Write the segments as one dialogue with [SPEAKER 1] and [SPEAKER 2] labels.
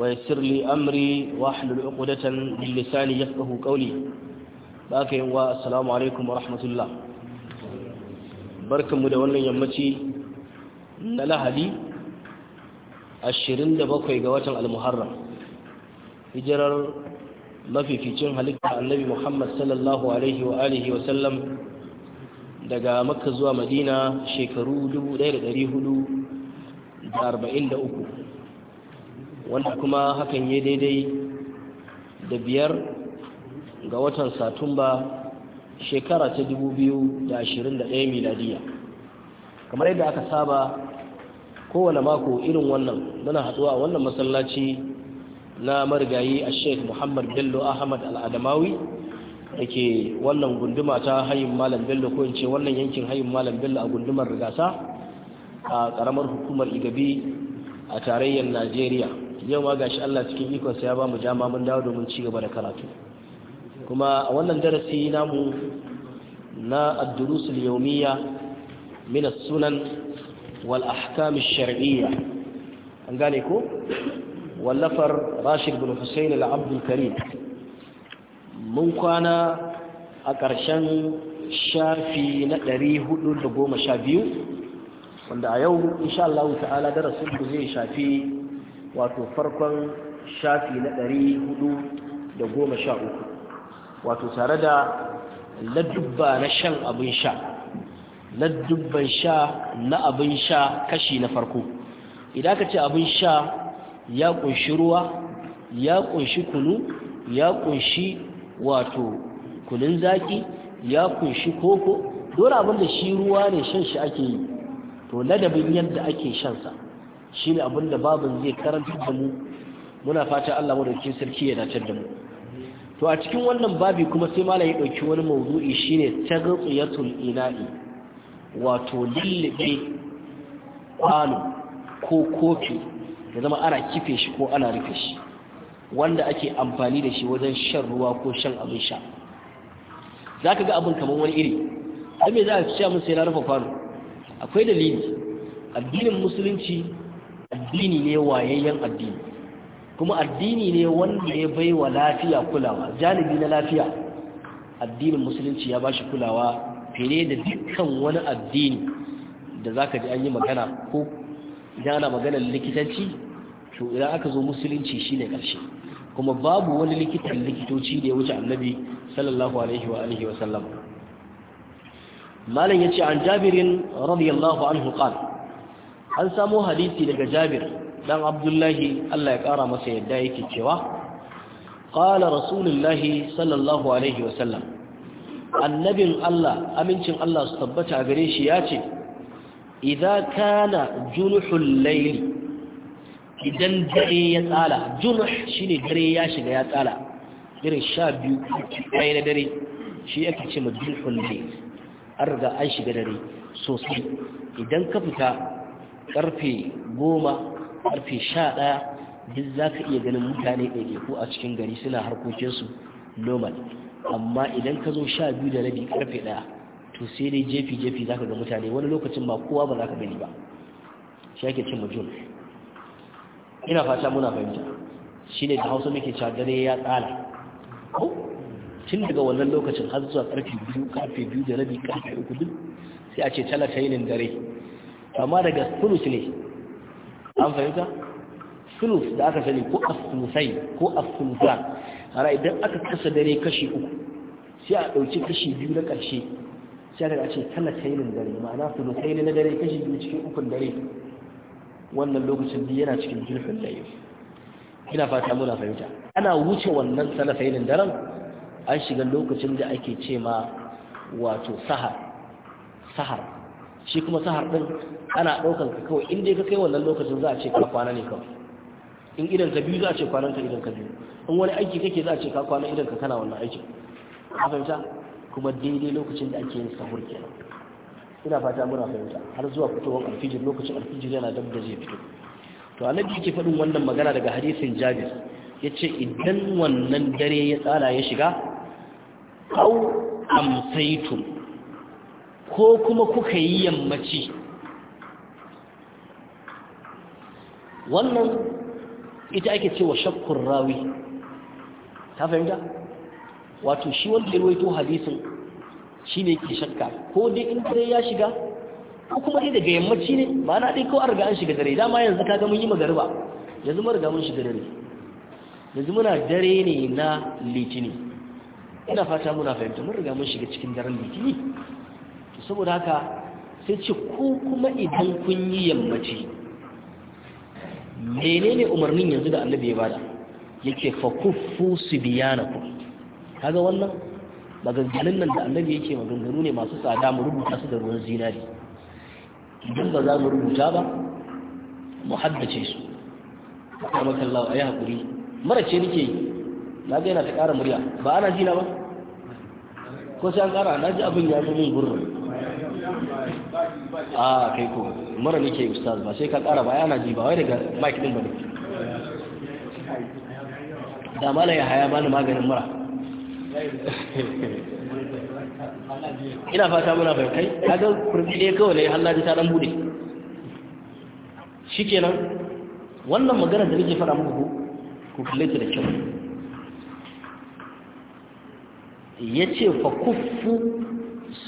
[SPEAKER 1] ويسر لي أمري واحلل عقدة من لساني يفقه قولي باكي والسلام عليكم ورحمة الله barkanmu da wannan yammaci na lahadi 27 ga watan almuharram hijirar mafificin halitta annabi muhammad sallallahu alaihi wa alihi wa sallam daga makka zuwa madina da uku. wanda kuma hakan ya daidai da biyar ga watan satumba shekara ta 2021 miladiya kamar yadda aka saba kowane mako irin wannan muna haɗuwa a wannan masallaci na marigayi a sheikh muhammad bello ahmad al'adamawi da ke wannan gunduma ta hayin malam bello ko in ce wannan yankin hayin malam bello a gundumar rigasa a ƙaramar hukumar igabi a tarayyar najeriya yau ma gashi Allah cikin ikonsa ya ba mu dama mun dawo domin ci gaba da karatu kuma a wannan darasi namu na ad-durus yawmiyya min as-sunan wal ahkam ash-shar'iyya an gane ko wallafar Rashid bin hussein al-Abd al-Karim mun kwana a ƙarshen shafi na 412 wanda a yau insha Allah ta'ala darasin ku zai shafi wato farkon shafi na ɗari hudu da goma sha uku wato tare da ladubba na shan abin sha ladubban sha na abin sha kashi na farko idan ka ce abin sha ya kunshi ruwa ya kunshi kunu ya kunshi wato kunun zaki ya kunshi koko dole abin da shi ruwa ne shan shi ake yi to ladabin yadda ake shansa shine abin da babin zai karanta da mu muna fata Allah ke sarki ya dace da mu to a cikin wannan babi kuma sai mala ya ɗauki wani mawdu'i shine taghtiyatul ina'i wato lillibe kwano ko kofi da zama ana kife shi ko ana rufe shi wanda ake amfani da shi wajen shan ruwa ko shan abin sha Za ka ga abin kamar wani iri har za a ci mun sai na rufe kwano akwai dalili addinin musulunci addini ne wayayyen addini kuma addini ne wanda ya bai wa lafiya kulawa janibi na lafiya addinin musulunci ya bashi kulawa fiye da dukkan wani addini da zaka ji an yi magana ko idan maganar likitanci to idan aka zo musulunci shine karshe kuma babu wani likitan likitoci da ya wuce annabi sallallahu alaihi wa alihi wa sallam malam yace an jabirin radiyallahu anhu qala an samo hadisi daga jabir dan abdullahi Allah ya kara masa yadda yake cewa qala rasulullahi sallallahu alaihi wasallam annabin Allah amincin Allah su tabbata gare shi ya ce idza kana julhul layl idan dare ya tsala julh shine dare ya shiga ya tsala irin sha biyu ɗaya na dare shi ake ce ma layl an shiga dare sosai idan ka fita Ƙarfe goma ƙarfe sha ɗaya duk za ka iya ganin mutane ko a cikin gari suna harkokinsu normal amma idan ka zo sha biyu da rabi ƙarfe ɗaya to sai dai jefi-jefi za ka ga mutane wani lokacin ba kowa ba za ka gani ba shi ake cin mutum ina fata muna fahimta shi ne da hausa muke dare ya tsala ko tun daga wannan lokacin har zuwa karfe biyu ƙarfe biyu da rabi karfe uku duk sai a ce yinin dare amma daga sulus ne an fahimta sulus da aka sani ko asulusai ko asulusa hara idan aka kasa dare kashi uku sai a ɗauki kashi biyu na ƙarshe sai daga ce na dare ma'ana sulusai na dare kashi biyu cikin ukun dare wannan lokacin biyu yana cikin jirfin layi ina fata muna fahimta ana wuce wannan na daren an shiga lokacin da ake ce ma wato sahar sahar shi kuma sahar ɗin ana ɗaukar ka kawai inda ka kai wannan lokacin za a ce ka kwana ne kawai in idan ka biyu za a ce kwanan ka idan ka biyu in wani aiki kake za a ce ka kwana idan ka kana wannan aikin a fahimta kuma daidai lokacin da ake yin sahur kenan ina fata muna fahimta har zuwa fitowar alfijir lokacin alfijir yana dab da zai fito to annabi yake faɗin wannan magana daga hadisin jabir yace idan wannan dare ya tsala ya shiga au amsaitum ko kuma kuka yi yammaci wannan ita ake cewa shakkun rawi ta fahimta wato shi wanda ya ruwaito hadisun shi ne ke shakka ko dai in dare ya shiga ko kuma dai daga yammaci ne ba na ɗai ko a riga an shiga dare dama yanzu ka gama mun yi magariba yanzu zama riga mun shiga dare yanzu muna dare ne na litini ina fata muna fahimta mun riga mun shiga cikin daren litini saboda haka sai ce ku kuma idan kun yi yammaci menene umarnin yanzu da annabi ya bada yake fa kuffu ku. kaga wannan maganganun nan da annabi yake maganganu ne masu tsada mu rubuta su da ruwan zinari idan ba za mu rubuta ba mu haddace su kuma kallawa ayi hakuri mara ce nake yi na ga yana ta ƙara murya ba ana zina ba ko sai an ƙara na ji abin ya zo min gurin
[SPEAKER 2] a kai ko mara nike ustaz ba sai ka ƙara ba yana ji ba wai daga mike din ne. da mala ya haya bani maganin mura ina fata muna bai kai kaga
[SPEAKER 1] furdi ne kawai ne hallaji ta dan bude shikenan wannan magana da nake fara muku ku kalle ta da kyau yace fa kuffu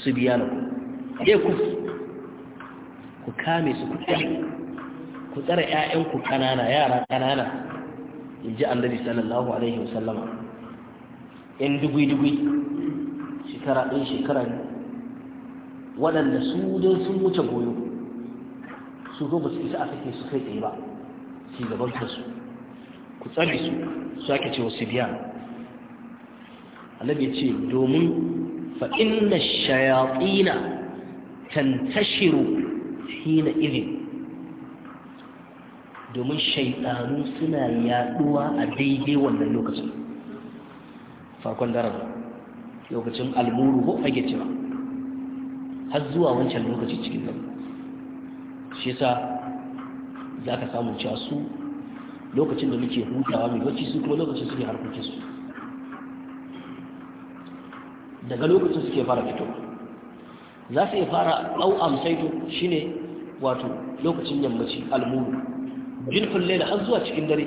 [SPEAKER 1] subyanakum ya kuffu ku kame su ku tsare ku tsare ƴaƴanku ƙanana yara ƙanana in ji annabi sallallahu alaihi wasallama Yan dugui-dugui shekara ɗin shekara waɗanda su don sun wuce goyo su ko ba su isa a sake su kai tsaye ba su gaban su. ku tsare su su ake cewa su biya annabi ce domin fa inna shayatina tantashiru hina irin domin shaidanu suna yaduwa a daidai wannan lokacin farkon daraba lokacin almuru ko fage cewa har zuwa wancan lokaci cikin nan shi sa za ka samu casu lokacin da muke hutawa mai wacce su kuma lokacin suke harkokinsu daga lokacin suke fara fitowa za su iya fara ɗau amsaitu shi ne wato lokacin yammaci almuru jin kulle da har zuwa cikin dare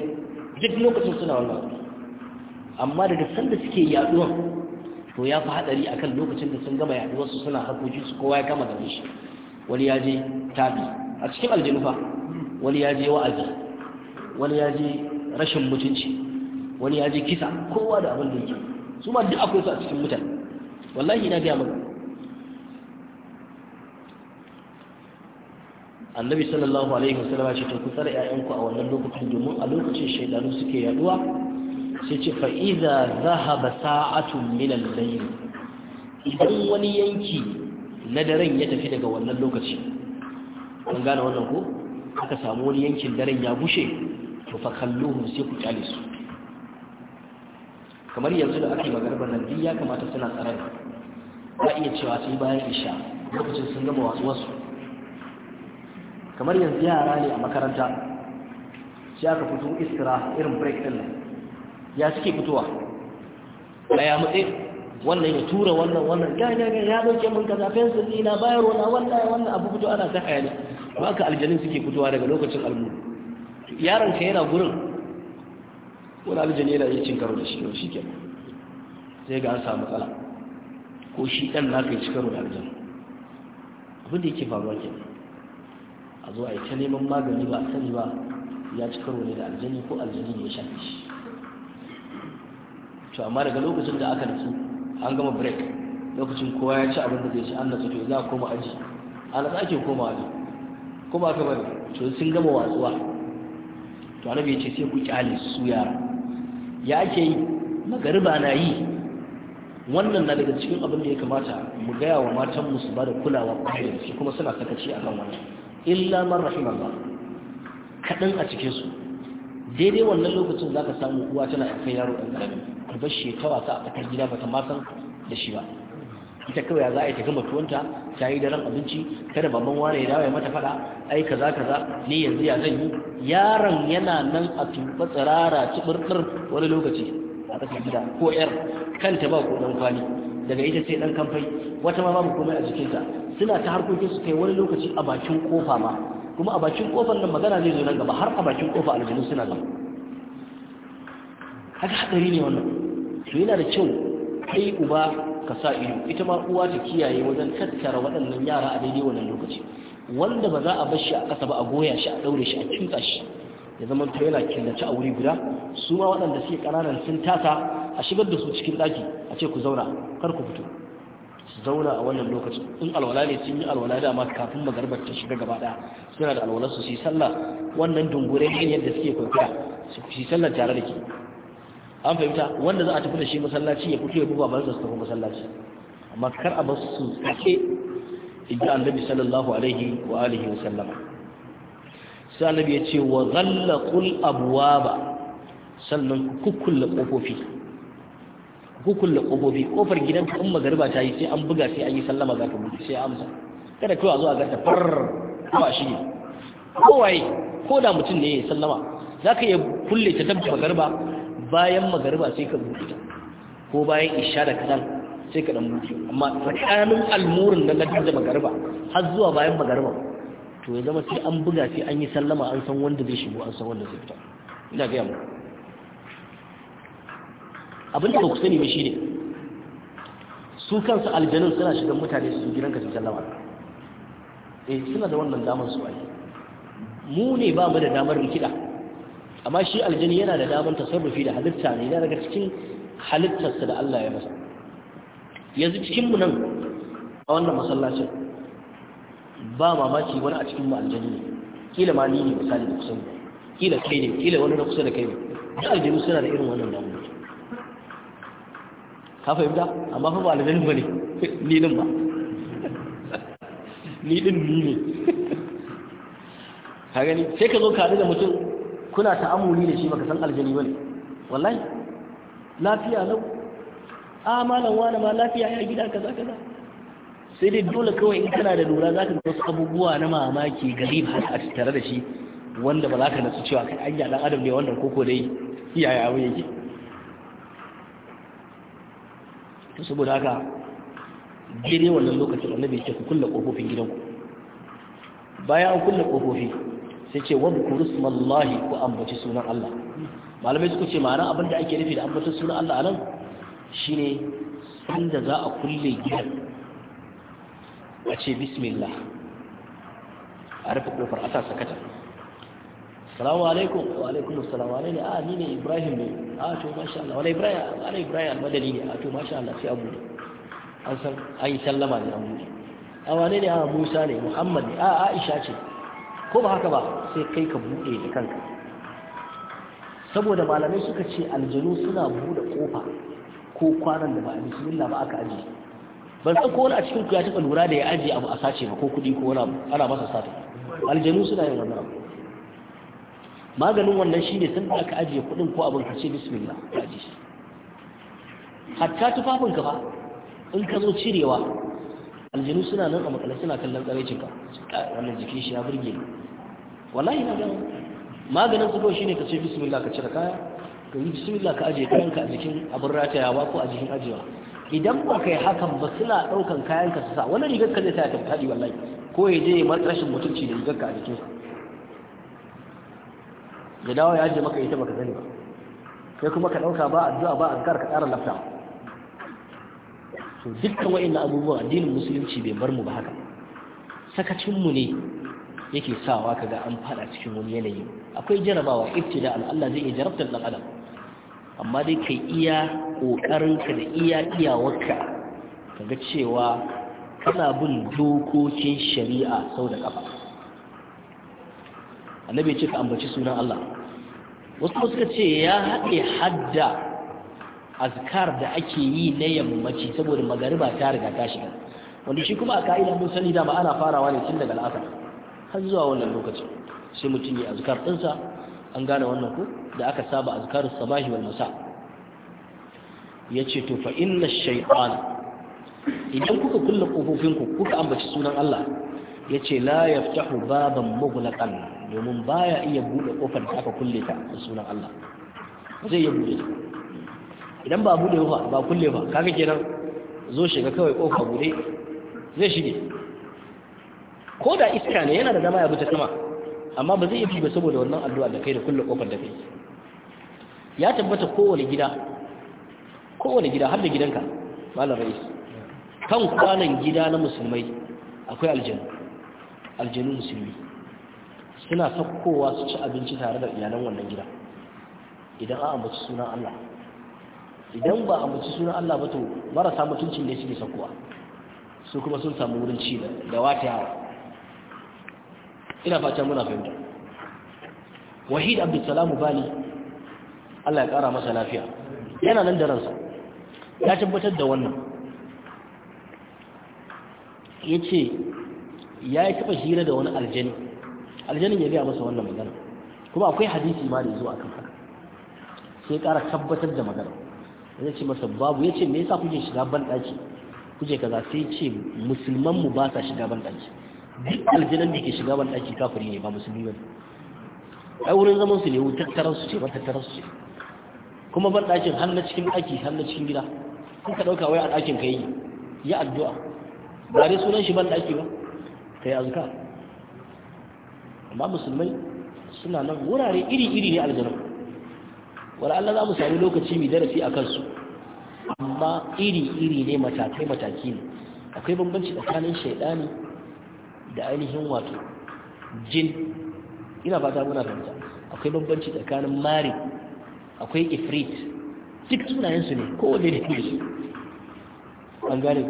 [SPEAKER 1] duk lokacin suna wannan amma daga sanda suke yaduwa to ya fi haɗari a kan lokacin da sun gama yaduwarsu suna harkoki su kowa ya kama da shi wani ya je tafi a cikin aljinu wani ya je wa'azi wani ya je rashin mutunci wani ya je kisa kowa da abin da yake su ma duk akwai su a cikin mutane wallahi na gaya maka annabi sallallahu alaihi wasallam ce to ku tsare ku a wannan lokacin domin a lokacin shaidanu suke yaduwa sai ce fa iza zahaba sa'atun min al-layl idan wani yanki na daren ya tafi daga wannan lokaci kun gane wannan ko aka samu wani yankin daren ya bushe to fa kalluhu sai ku kyale su kamar yanzu da ake magarbar nan ya kamata suna tsare ba iya cewa sai bayan isha lokacin sun gama wasu wasu kamar yanzu yara ne a makaranta shi aka fito iskira irin break din ya suke fitowa ya mutse wannan ya tura wannan wannan ya ga ya dauke mun kaza fensin ina bayarwa na wannan wannan abu fito ana ta hayani ba ka aljanin suke fitowa daga lokacin almu yaron ka yana gurin wani aljani yana yi cin karo da shi yau shi ke sai ga an samu matsala ko shi ɗan na kai ci karo da aljani abin da yake faruwa kenan a zo a yi ta neman magani ba sani ba ya ci karo ne da aljani ko aljani
[SPEAKER 2] ne ya shafi shi
[SPEAKER 1] to amma daga lokacin da aka nufi an gama break lokacin kowa ya ci abin da zai ci an nutsu to za a koma aji a nasu ake koma aji ko ba ka bari to sun gama watsuwa to annabi ya ce sai ku kyale su yara ya ake yi magariba na yi wannan na daga cikin abin da ya kamata mu gaya wa matan musu ba da kulawa kwarai da kuma suna sakaci kan wannan illa man rahimallah kaɗan a cikinsu daidai wannan lokacin za samu uwa tana kai yaro ɗan ƙarami ka bar shekara ta a tsakar gida ba ma san da shi ba ita kawai za a yi ta gama tuwanta ta yi daren abinci kada babban wani ya dawo ya mata faɗa ai kaza kaza ni yanzu ya zan yi yaron yana nan a tuba tsirara tuburtur wani lokaci a tsakar gida ko yar kanta ba ko ɗan kwani. daga ita sai dan kamfai wata ma babu komai a jikinta suna ta harkokin su kai wani lokaci a bakin kofa ma kuma a bakin kofar nan magana zai zo nan gaba har a bakin kofa aljanu suna gaba haka hadari ne wannan to yana da kyau kai uba ka sa ido ita ma uwa ta kiyaye wajen tattara waɗannan yara a daidai wannan lokaci wanda ba za a bar shi a ƙasa ba a goya shi a ɗaure shi a kinta shi ya zama to yana killace a wuri guda su ma waɗanda suke ƙananan sun tasa a shigar da su cikin ɗaki a ce ku zauna kar ku fito su zauna a wannan lokacin in alwala ne sun yi alwala dama kafin magarbar ta shiga gaba daya suna da alwala su shi yi sallah wannan dungure ne yadda suke kwaikwaya su yi sallah tare da ke an fahimta wanda za a tafi da shi masallaci ya fito ya buba ba su tafi masallaci amma kar a basu su tsake idan annabi sallallahu alaihi wa alihi wa sallama sai annabi ya ce wa zallaqul abwaba sannan kukkulle kofofi kukulla kofofi kofar gidan in magariba ta yi sai an buga sai an yi sallama za ka buɗe sai amsa kada kawai zuwa ga ta far ba shi kowaye ko da mutum ne ya sallama za ka iya kulle ta tabbata magariba bayan magariba sai ka buɗe ta ko bayan isha da kaɗan sai ka dan buɗe amma tsakanin almurin na lafiya da magariba har zuwa bayan magariba to ya zama sai an buga sai an yi sallama an san wanda zai shigo an san wanda zai fita ina gaya muku abin da ba ku sani ba shi ne su kansu aljanun suna shigan mutane su gidanka su sallama eh suna da wannan damar su ai mu ne ba mu da damar rikida amma shi aljani yana da damar tasarrufi da halitta ne yana daga cikin halittarsa da Allah ya masa yanzu cikin mu nan a wannan masallacin ba mamaki wani a cikin mu aljani ne kila ma ni ne misali da kusan kila kai ne kila wani na kusa da kai ne
[SPEAKER 2] da aljanu suna da irin wannan
[SPEAKER 1] damuwa ka fahimta amma fa ba aljannu bane ni din ba ni din ni ne ka gani sai ka zo ka da mutum kuna ta'amuli da shi baka san aljani ne. wallahi lafiya lau a malam wane ma lafiya ya gida kaza kaza sai dai dole kawai in kana da lura za ka ga wasu abubuwa na mamaki gari ba a tare da shi wanda ba za ka nasu cewa kai an dan adam ne wannan koko dai iyaye abu yake to saboda haka daidai wannan lokacin annabi ya ce ku kulle kofofin gidanku bayan an kulle kofofi sai ce wa bukuru smallahi ku ambaci sunan Allah malamai suka ce ma'ana abinda ake nufi da ambacin sunan Allah anan shine inda za a kulle gidan a ce bismillah a rufe kofar a sa sakata salamu alaikum wa alaikum assalam wane ne a ni ne ibrahim ne a to masha Allah wani ibrahim wani ibrahim almadani ne a to masha Allah sai abu ne an san an yi sallama ne an buɗe a wane ne a musa ne muhammad ne a aisha ce ko ba haka ba sai kai ka buɗe da kanka saboda malamai suka ce aljanu suna buɗe kofa ko kwanan da ba a bismillah ba aka aji ban san ko wani a cikin ku ya taɓa lura da ya aje abu a sace ba ko kuɗi ko wani abu ana masa sata aljanu suna yin wannan abu maganin wannan shi ne tun da aka ajiye kudin ko abin kace bismillah ka
[SPEAKER 2] ajiye shi hatta tufafin ka fa
[SPEAKER 1] in ka zo cirewa aljinu suna nan a makale suna kallon tsaraicin ka wannan jikin shi ya burge ni wallahi na gano maganin su shi ne ka ce bismillah ka cire kaya ka yi bismillah ka ajiye kayan ka a jikin abin ratayawa ko a jikin ajiyewa idan ba ka yi hakan ba suna ɗaukan kayan ka su sa wani rigar ka zai sa ya tafi wallahi ko ya je ya mar rashin mutunci da rigar ka a jikinsa da dawa ya ajiye maka ita baka sani ba sai kuma ka ɗauka ba addu'a ba azkar ka ƙara lafta to dukkan wa'annan abubuwa addinin musulunci bai bar mu ba haka sakacin mu ne yake sawa kaga an fada cikin wani yanayi akwai jarabawa ibtida Allah zai iya jarabtar dan adam amma dai kai iya kokarin ka da iya iyawarka kaga cewa kana bin dokokin shari'a sau da kafa annabi ce ka ambaci sunan Allah wasu suka ce ya haɗe hadda azkar da ake yi na yammaci saboda magariba ta riga ta shiga wanda shi kuma a ka'ida mun sani da ba ana farawa ne tun daga al'asar har zuwa wannan lokacin sai mutum ya azkar ɗinsa an gane wannan ku da aka saba azkar sabahi wal masa ce to fa inna shaytan idan kuka kulle kofofinku kuka ambaci sunan Allah ya ce la ya fitahu baban mughlaqan domin baya iya buɗe ƙofar da aka kulle ta sunan Allah zai iya buɗe ta idan ba buɗe ba ba kulle ba kaga kenan zo shiga kawai kofa buɗe zai shige ko da iska ne yana da dama ya bi sama amma ba zai iya bi ba saboda wannan addu'a da kai da kulle ƙofar da kai ya tabbata kowane gida kowane gida har da gidanka malam rais kan kwanan gida na musulmai akwai aljanna aljanu musulmi suna sakkowa su ci abinci tare da iyalan wannan gida idan an ambaci sunan Allah idan ba ambaci sunan Allah ba to marasa mutuncin ne suke sakkowa su kuma sun samu wurin ci da wata yawa. ina fata muna fahimta wahid abdulsalamu bali Allah ya kara masa lafiya yana nan da ransa ya tabbatar da wannan ya ce ya yi taɓa hira da wani aljani aljanin ya gaya masa wannan magana kuma akwai hadisi ma da ya zo a kan haka sai ƙara tabbatar da magana ya ce masa babu ya ce me yasa kuke shiga banɗaki kuje kaza sai ce musulman mu ba sa shiga banɗaki duk aljanan da ke shiga banɗaki kafiri ne ba musulmi ba ai wurin zaman su ne tattarar su ce ba tattarar su ce kuma banɗakin har na cikin ɗaki har na cikin gida kun ka ɗauka wai a ɗakin ka yi ya addu'a ba dai sunan shi banɗaki ba yi azuka amma musulmai suna nan wurare iri-iri ne aljanu Wani Allah za mu sami lokaci mai darasi a kansu amma iri-iri ne matakai-mataki ne akwai bambanci tsakanin shaidani da ainihin wato jin ina fata muna fahimta akwai bambanci tsakanin mari akwai ifrit duk sunayensu ne kowane da su an gane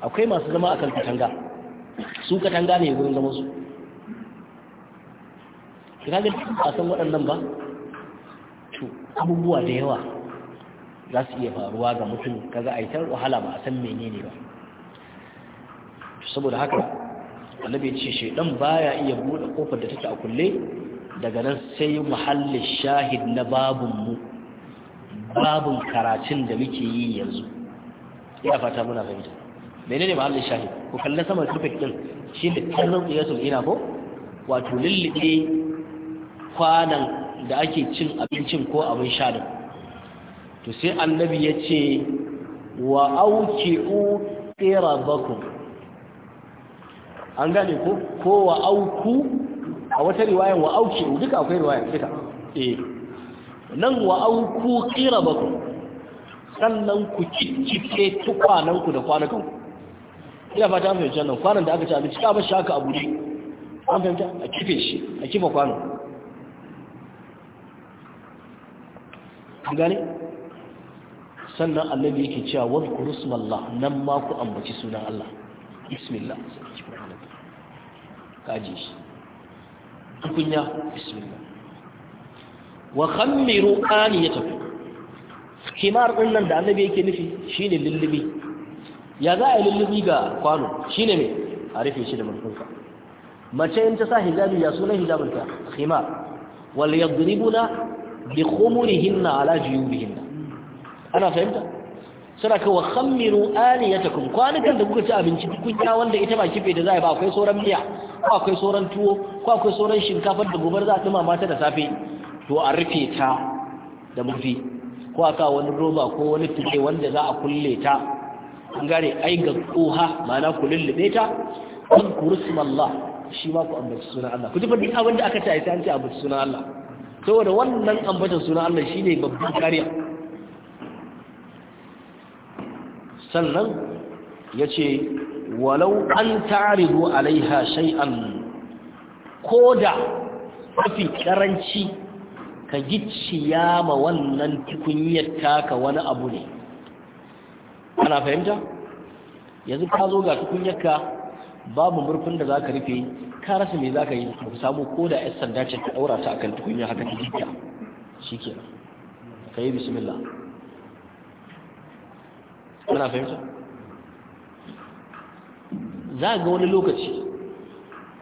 [SPEAKER 1] akwai masu zama a kan katanga su katanga ne gurin zama su ka ga san waɗannan ba to abubuwa da yawa za su iya faruwa ga mutum yi aitar wahala ba a san menene ba saboda haka annabi ya ce shedan baya iya buɗe kofar da take a kulle daga nan sai muhallin shahid na babun mu babun karatun da muke yi yanzu ya fata muna fahimta menene Allah shahid ku kallon sama tufik din shi ne karnin tsiyatul ina ko wato lullube kwanan da ake cin abincin ko abin sha din to sai annabi ya ce wa auqi'u qirabakum an gane ko ko wa auku a wata riwaya wa auki'u duka akwai riwaya duka eh nan wa auku qirabakum sannan ku tukwanan tukwananku da ku. ina fata an fahimci wannan, kwanan da aka ci abinci ka shi haka a buɗe an fahimta a kife shi a kifa kwanan an gane sannan allabi yake cewa wa kurusmallah nan ma ku ambaci sunan Allah bismillah kaji shi tukunya bismillah wa khammiru aniyatakum himar din nan da annabi yake nufi shine lullubi ya za a yi lullubi ga kwano shi ne mai a rufe shi da mulkinka mace in ta sa hijabi ya sunan hijabinta khimar wal yadribuna bi khumurihinna ala juyubihinna ana fahimta suna kawo khammiru aniyatakum kwanukan da kuka ci abinci kun ya wanda ita ba kife da za a ba akwai sauran miya ko akwai sauran tuwo ko akwai sauran shinkafar da gobar za a mata da safe to a rufe ta da murfi ko aka wani roba ko wani tuke wanda za a kulle ta an gane ai ga koha ma'ana ku lullube ta kun kurusmallah shi ma ku ambaci sunan Allah ku ji duk abin da aka ce sai an ce ambaci sunan Allah saboda wannan ambatan sunan Allah shine babban kariya sannan yace walau an ta'ridu alaiha shay'an koda mafi karanci ka gicciya ma wannan tukunyar taka wani abu ne ana fahimta yanzu ka zo ga tukunyarka babu murfin da za ka rufe ka rasa me ka yi ka samu ko da yasan dace ce ka daura ta akan tukunya haka ta jikka ka yi bismillah ana fahimta za ga wani lokaci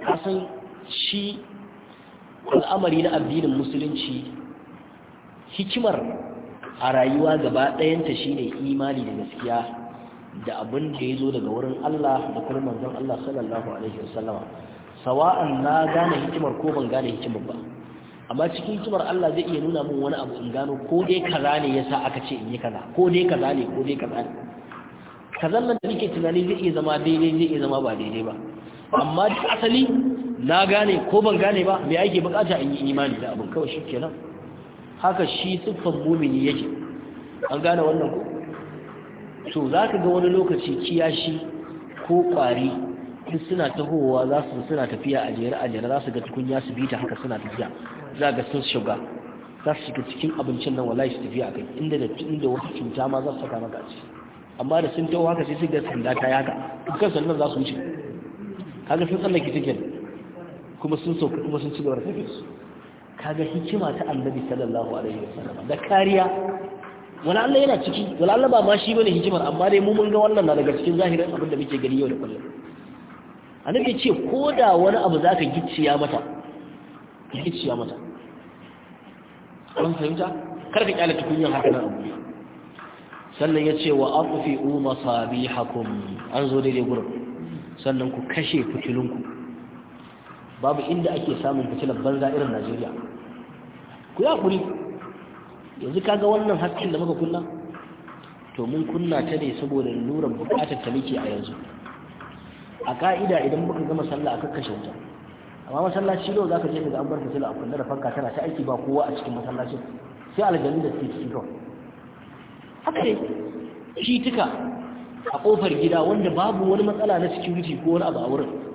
[SPEAKER 1] ka san shi al'amari na addinin musulunci hikimar a rayuwa gaba ɗayanta ne imani da gaskiya da abin da ya zo daga wurin Allah da kuma manzon Allah sallallahu alaihi wasallama sawa'an na gane hikimar ko ban gane hikimar ba amma cikin hikimar Allah zai iya nuna min wani abu in gano ko dai kaza ne yasa aka ce in yi kaza ko dai kaza ne ko dai kaza ne kazan nan da nake tunani zai iya zama daidai zai iya zama ba daidai ba amma duk asali na gane ko ban gane ba me ake bukata in yi imani da abin kawai shi kenan haka shi siffar mumini yake an gane wannan ku to za ka ga wani lokaci kiyashi ko ƙwari duk suna tahowa za su suna tafiya a jere a jere za su ga tukunya su bita haka suna tafiya za ga sun shiga za su shiga cikin abincin nan wallahi su tafiya a kai inda da inda wata cuta ma za su saka maka ci amma da sun taho haka sai su ga sanda ta yaka dukkan sannan za su wuce kaga sun tsallake tikin kuma sun sauka kuma sun ci gaba da tafiya kaga hikima ta annabi sallallahu alaihi wasallam da kariya wala Allah yana ciki wala Allah ba ma shi bane hikimar amma dai mu mun ga wannan na daga cikin zahirin abin da muke gani yau da kullum annabi ce ko da wani abu zaka gicciya mata gicciya mata an fahimta kar ka kyale tukunyar haka nan abu sannan ya ce wa umma sabihakum an zo daidai gurin sannan ku kashe fitilunku babu inda ake samun fitilar banza irin Najeriya ku ya kuri yanzu kaga wannan hasken da muka kunna to mun kunna ta ne saboda lurar bukatar ta muke a yanzu a ka'ida idan muka gama sallah aka kashe wuta amma masallaci yau zaka je ka ga an bar fitila a kunna da fanka tana ta aiki ba kowa a cikin masallacin sai aljanu da suke cikin kawai haka ne shi tuka a kofar gida wanda babu wani matsala na security ko wani abu a wurin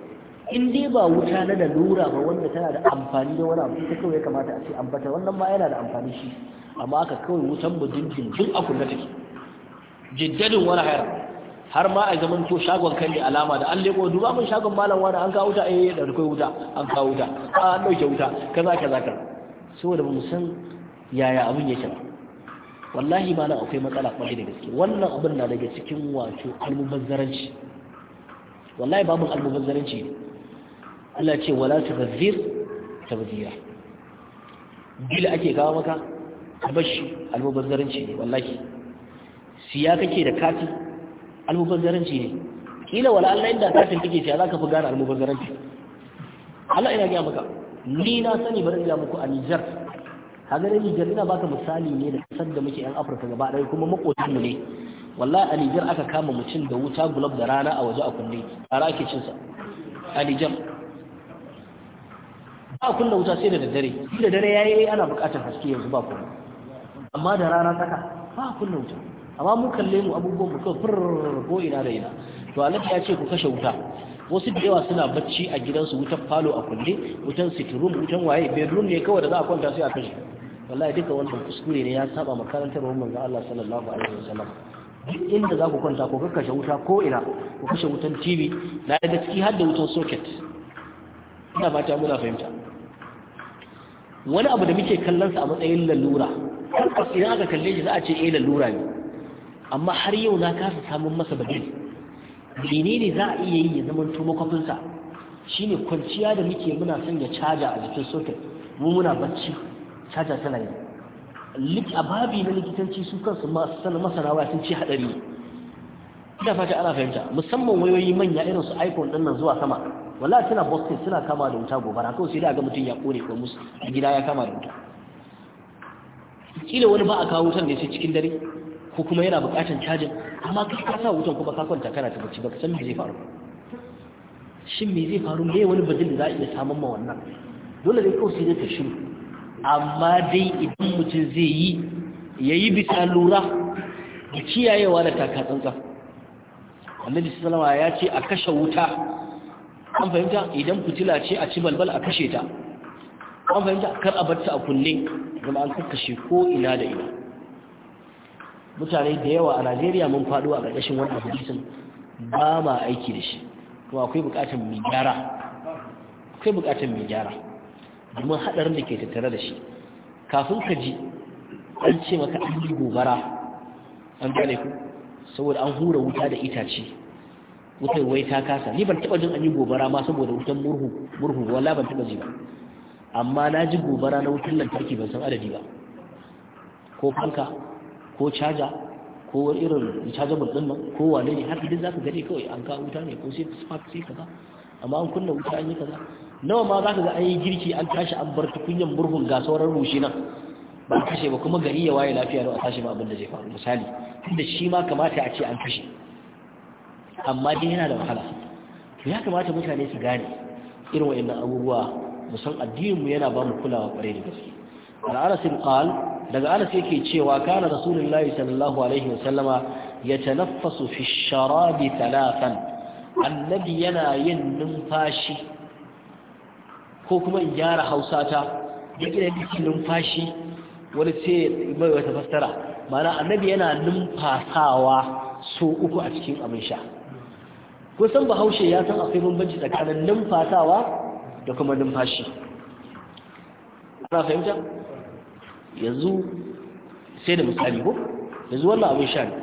[SPEAKER 1] in dai ba wuta na da lura ba wanda tana da amfani da wani abu ta kawai ya kamata a ce ambata wannan ma yana da amfani shi amma aka kawai wutan bujinjin duk a kunna take jiddadin wani hayar har ma a zaman to shagon kan da alama da an leƙo. duba mun shagon malam wani an kawo wuta eh da kai wuta an kawo wuta ah, an ɗauke wuta kaza kaza ka saboda ba mu san yaya abin yake ba wallahi na akwai matsala kwarai da gaske wannan abin na daga cikin wato almubazzaranci wallahi babin almubazzaranci ne Allah ce wala tubazzir tabzira bil ake kawo maka abashi almubazzaranci ne wallahi siya kake da kati almubazzaranci ne kila wala Allah inda katin kake siya zaka fi gane almubazzaranci Allah ina ga maka ni na sani bari in ga muku a Niger kaga da Niger ina baka misali ne da kasar da muke yan Afirka gaba ɗaya kuma makotan mu ne wallahi a aka kama mutum da wuta gulab da rana a waje a kunne a rake cin sa a a kunna wuta sai da daddare da dare yayi ana buƙatar haske yanzu ba kuma amma da rana tsaka ba a kunna wuta amma mu kalle mu abubuwan mu kai furr ko ina da ina to Allah ya ce ku kashe wuta wasu da yawa suna bacci a gidansu wutar falo a kulle wutan sitting wutar waye bedroom ne kawai da za a kwanta sai a kashe wallahi duka wannan kuskure ne ya saba makarantar manzo Allah sallallahu alaihi wasallam duk inda za ku kwanta ko kashe wuta ko ina ku kashe wutan TV na daga ciki har da wutan socket ina fata muna fahimta wani abu da muke kallon sa a matsayin lalura idan aka kalle shi za a ce eh lalura ne amma har yau na kasa samun masa bagil menene za a iya yi ya zama to makwafin sa shine kwanciya da muke muna son ya caja a jikin socket mu muna bacci caja tana yi a babi na likitanci su kansu masana waya sun ce hadari ina fata ana fahimta musamman wayoyi manya irin su iphone din nan zuwa sama wallahi suna boston suna kama da wuta gobara kawai sai da ga mutum ya kore ko musu a gida ya kama da wuta kila wani ba a kawo wutan ne sai cikin dare ko kuma yana buƙatar cajin amma kai ka sa wutan kuma ka kwanta kana ta bacci baka san me zai faru shin me zai faru me wani badil da za a iya samun ma wannan dole dai kawai sai ta shiru amma dai idan mutum zai yi yayi bisa lura da kiyayewa da takatsantsan annabi sallama ya ce a kashe wuta an fahimta idan fitila ce a ci balbal a kashe ta an fahimta kar a bar ta a kunne zama an kashe ko ina da ina mutane da yawa a Najeriya mun faɗo a ƙarƙashin wannan hadisin ba ma aiki da shi Kuma akwai buƙatar mu gyara akwai buƙatar mu gyara domin hadarin da ke tattare da shi kafin ka ji an ce maka an yi gobara an gane ku saboda an hura wuta da itace wutar wai ta kasa ni ban taba jin an yi gobara ma saboda wutan murhu murhu wala ban taba ji ba amma na ji gobara na wutar lantarki ban san adadi ba ko fanka ko caja ko irin rechargeable din nan ko wane ne har idan zaka gani kawai an kawo wuta ne ko sai spark sai kaza amma an kunna wuta an yi kaza nawa ma zaka ga an yi girki an tashi an bar tukunyan murhun ga sauran rushe nan ba kashe ba kuma gari ya waye lafiya da a tashi ba abin da zai faru misali da shi ma kamata a ce an kashe amma dai yana da wahala ya kamata mutane su gane irin wa'annan abubuwa musan addininmu yana ba mu kulawa kwarai da gaske qal daga anas yake cewa kana rasulullahi sallallahu alaihi wasallama yatanaffasu fi sharabi talatan annabi yana yin numfashi ko kuma in gyara hausa ta ya kira numfashi wani sai mai wata fassara mana annabi yana numfasawa so uku a cikin abin sha kusan bahaushe ya san akwai bambanci tsakanin numfasawa da kuma numfashi ana fahimta yanzu sai da misali ko yanzu wannan abin sha ne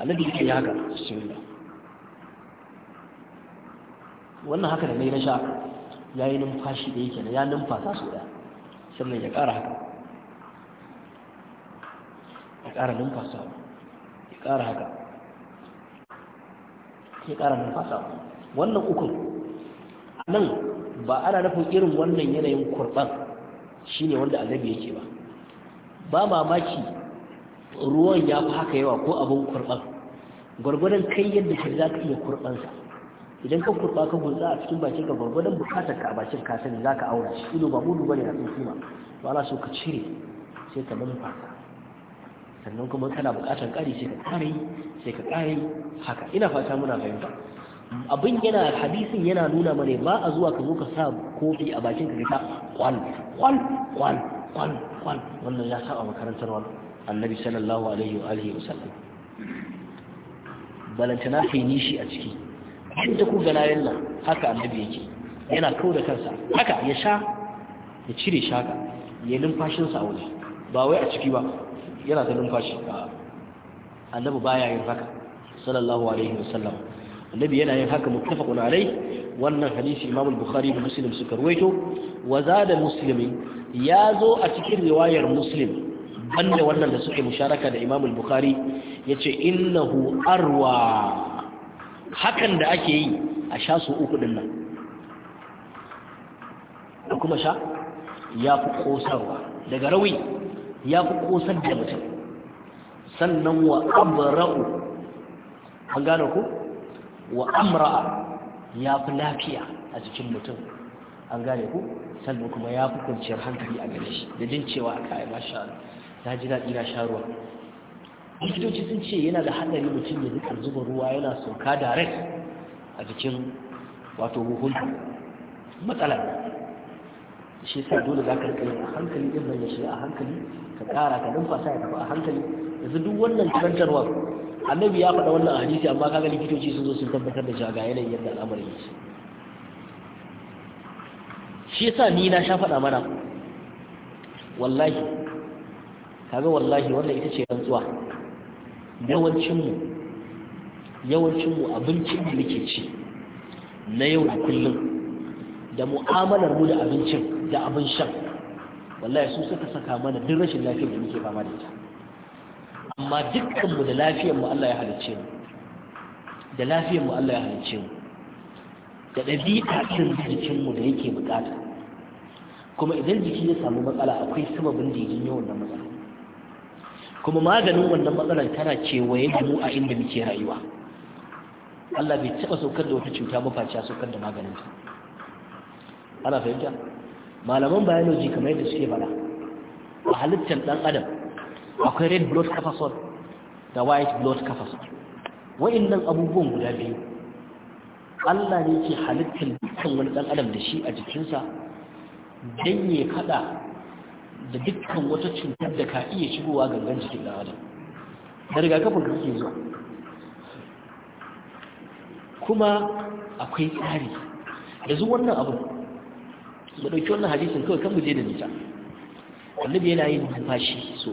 [SPEAKER 1] annabi yake yi haka da wannan haka da mai na sha ya yi numfashi da yake ya numfasa so ɗaya sannan ya ƙara haka ya ƙara numfasa ya ƙara haka ya ƙara numfasa wannan uku, a nan ba ana nufin irin wannan yanayin kurban shi ne wanda annabi yake ba ba mamaki ruwan ya fi haka yawa ko abin kurban gwargwadon kai yadda shi za ka iya kurbansa idan ka kurba ka gunza a cikin bakin ka gwargwadon bukatar ka a bakin ka sani za ka aura shi ido ba mudu ba ne a tsofi ba ba na so ka cire sai ka numfasa sannan kuma kana bukatar ƙari sai ka ƙare sai ka haka ina fata muna fahimta abin yana hadisin yana nuna mana ba a zuwa ka zo ka sa kofi a bakin ka ta, kwal kwal kwal kwal kwal wannan ya saba makarantar wani annabi sallallahu alaihi wa alihi wa sallam na haini shi a ciki yadda ku na yalla haka annabi yake yana kawo da kansa haka ya sha ya cire shaka ya numfashinsa a waje ba wai a ciki ba yana ta numfashi annabi baya yin haka sallallahu alaihi wasallam annabi yana yin haka muttafaqun alai wannan hadisi imam al-bukhari da muslim suka ruwaito wa zada muslimin ya zo a cikin riwayar muslim banda wannan da suke musharaka da imam al-bukhari yace innahu arwa hakan da ake yi a sha su uku din nan kuma sha ya fi kosarwa daga rawi ya fi kosar da mutum sannan wa amra'u an gane ku wa amra'a ya fi lafiya a jikin mutum an gane ku sannan kuma ya fi kwanciyar hankali a gare shi da jin cewa a kayan masha ta ji daɗi na sha ruwa likitoci sun ce yana da haɗari mutum ya rika zuba ruwa yana sauka da rai a jikin wato buhun matsalar. shi sa dole za ka rika a hankali ɗin ya shi a hankali ka ƙara ka dan fasa ya tafi a hankali yanzu duk wannan karantarwa annabi ya faɗa wannan hadisi amma kaga likitoci sun zo sun tabbatar da cewa ga yanayin yadda al'amarin yake shi yasa ni na sha faɗa mana wallahi kaga wallahi wannan ita ce rantsuwa yawancinmu mu abincin da muke ci na yau da kullum da mu'amalar mu da abincin da abin shan wallahi su suka saka mana duk rashin lafiyar da muke fama da ita amma dukkanmu da lafiyar mu Allah ya halicce mu da lafiyar mu Allah ya halicce mu da ɗabi'a ɗin jikin mu da yake bukata kuma idan jiki ya samu matsala akwai sababin da ya janyo wannan matsala kuma maganin wannan matsalar tana waye da mu a inda muke rayuwa Allah bai taɓa saukar da wata cuta mafaciya saukar da maganinta ana fahimta malaman biology kamar yadda suke fara a halittar dan adam akwai red blood capsule da white blood corpuscle wa'annan abubuwan guda biyu Allah ne ke halittar dukkan wani dan adam da shi a jikinsa dan ya kada da dukkan wata cutar da ka iya shigowa gangan jikin dan adam da rigakafin da suke zuwa kuma akwai tsari yanzu wannan abu mu ɗauki wannan hadisin kawai kan mu je da nisa annabi yana yin numfashi so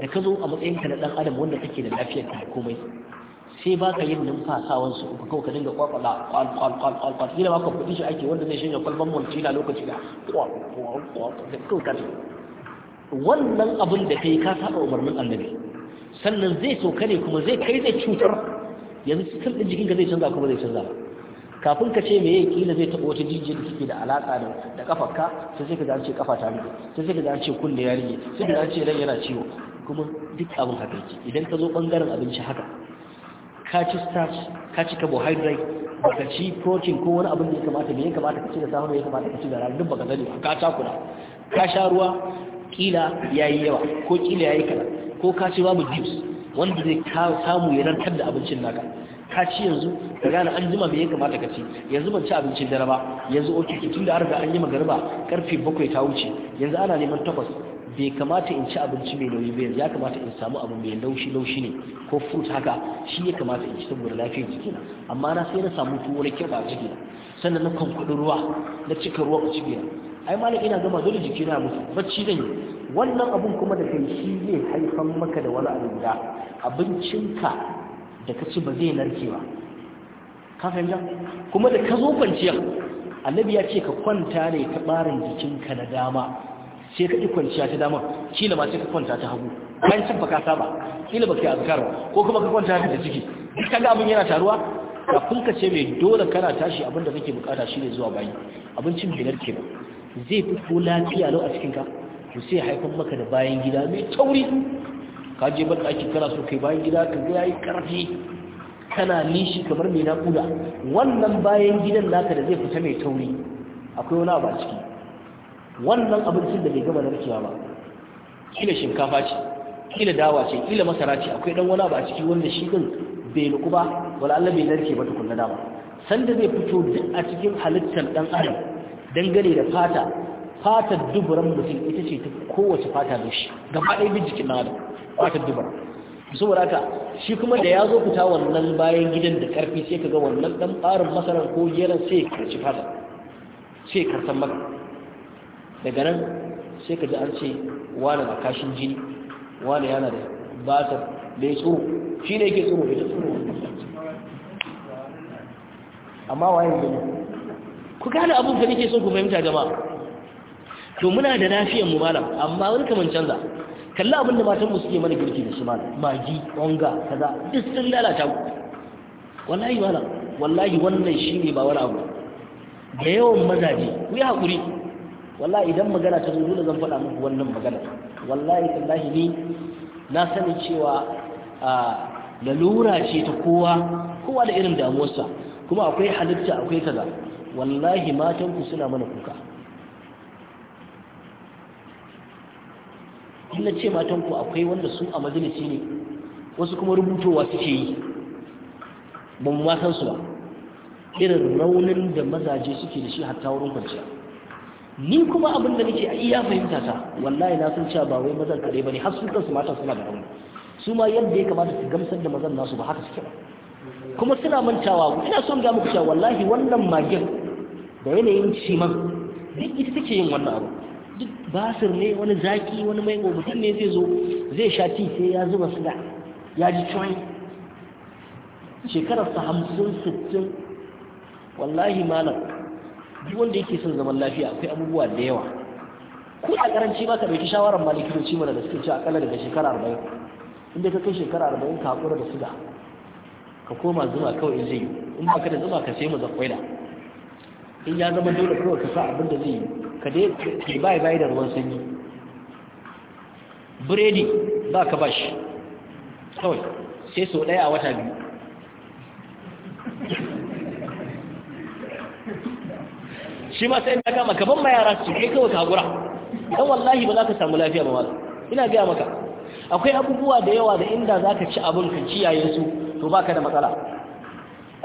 [SPEAKER 1] da ka zo a matsayin ka na ɗan adam wanda kake da lafiyar ka komai sai ba ka yin numfasawan su uku kawai ka dinga kwakwala kwal kwal kwal kwal kwal kila ma ka kuɗi shi ake wanda zai shanya kwalban multina lokaci da kwal kwal kwal kawai ka wannan abin da kai ka saba umarnin annabi sannan zai sauka ne kuma zai kai zai cutar yanzu kan ɗin jikinka zai canza kuma zai canza kafin ka ce meye kila zai taɓa wata jijiyar da suke da alaƙa da ƙafarka, sai sai ka zance ce ta rike sai sai ka zance ce kunne ya rike sai ka zance ce ran yana ciwo kuma duk abin haka yake idan ka zo ɓangaren abinci haka ka ci starch ka ci carbohydrate baka ci protein ko wani abin da ya kamata me ya kamata ka ci da safe ya kamata ka ci da rana duk baka sani ka kula ka sha ruwa kila yayi yawa ko kila yayi kala ko ka ci babu juice wanda zai samu ya rantar da abincin naka ka ci yanzu ka gane an jima me ya kamata ka ci yanzu ban ci abincin dare ba yanzu oke har da arga an yi Garba karfe bakwai ta wuce yanzu ana neman takwas bai kamata in ci abinci mai nauyi bai ya kamata in samu abu mai laushi laushi ne ko fruit haka shi ya kamata in ci saboda lafiyar jikina amma na sai na samu tuwo na kyau a jikina sannan na kwankwaɗi ruwa na cika ruwa a cikina ai malam ina gama dole jiki na mutu bacci zan yi wannan abun kuma da kai shi zai haifan maka da wani abu guda abincinka da ka ci ba zai narke ba ka fahimta kuma da ka zo kwanciya annabi ya ce ka kwanta ne ta barin jikinka na dama sai ka ji kwanciya ta dama kila ba sai ka kwanta ta hagu bayan can ba ka saba kila ba ka yi azkar ko kuma ka kwanta ta da ciki Ka ga abin yana taruwa ka kunka ce mai dole kana tashi abin da kake bukata shine zuwa bayi abincin bai narke ba zai fito lafiya lau a cikin ka to sai haifan maka da bayan gida mai tauri ka je ban ɗaki kana so kai bayan gida ka ga yayi karfi kana nishi kamar mai naƙuda wannan bayan gidan naka da zai fita mai tauri akwai wani abu a ciki wannan abincin da bai gama narkewa ba kila shinkafa ce kila dawa ce kila masara ce akwai dan wani abu a ciki wanda shi din bai nuku ba wala Allah bai narke ba na dama sanda zai fito duk a cikin halittar dan adam dangane da fata fatar duburan mutum ita ce ta kowace fata da shi gaba ɗaya bin jikin na adam ba ta duba saboda haka shi kuma da ya zo fita wannan bayan gidan da karfi sai ka ga wannan dan ɓarin masarar ko geran sai ka karci fata sai ka san maka daga nan sai ka ji an ce wani na kashin jini wani yana da batar da ya tsoro shi ne ke tsoro ya tsoro
[SPEAKER 2] amma waye ne. ku gane abin da nake so ku fahimta jama'a
[SPEAKER 1] to muna da lafiyar mu malam amma wani kaman canza kalla abin da matan suke mana girki da su maggi, magi onga kaza duk sun lalata ku wallahi wala wallahi wannan shine ba wani abu da yawan mazaje ku yi hakuri wallahi idan magana ta zo dole zan faɗa muku wannan magana wallahi tallahi ni na sani cewa a lalura ce ta kowa kowa da irin damuwarsa kuma akwai halitta akwai kaza wallahi matan ku suna mana kuka in na ce matan ku akwai wanda su a majalisi ne wasu kuma rubutowa suke yi ba mu san su ba irin raunin da mazaje suke da shi hatta wurin kwanciya ni kuma abin da nake a iya fahimta ta wallahi na san cewa ba wai mazan kare bane har su kansu matan suna da rauni su ma yadda ya kamata su gamsar da mazan nasu ba haka suke ba kuma suna mantawa ina son ga muku cewa wallahi wannan magen da yanayin ciman duk ita take yin wannan abu duk basir ne wani zaki wani mai mutum ne zai zo zai sha ti sai ya zuba suga ya ji Shekarar shekararsa hamsin sittin wallahi malam duk wanda yake son zaman lafiya akwai abubuwa da yawa ko a karanci ba ka ɗauki shawarar ma likitoci mana da suke ci akalla daga shekara arba'in inda ka kai shekara arba'in ka haƙura da suga ka koma zuma kawai zai yi in ba ka da zuma ka sai mu zakwaila in ya zama dole kawai ka sa abin da zai yi ka dai bai bai da ruwan sanyi biredi ba ka ba shi kawai sai so ɗaya a wata biyu
[SPEAKER 2] shi ma sai daga kama ban mayara yara su kai kawai kagura dan wallahi ba za
[SPEAKER 1] ka samu lafiya ba wala ina gaya maka akwai abubuwa da yawa da inda za ka ci abin ka yayin su to baka da matsala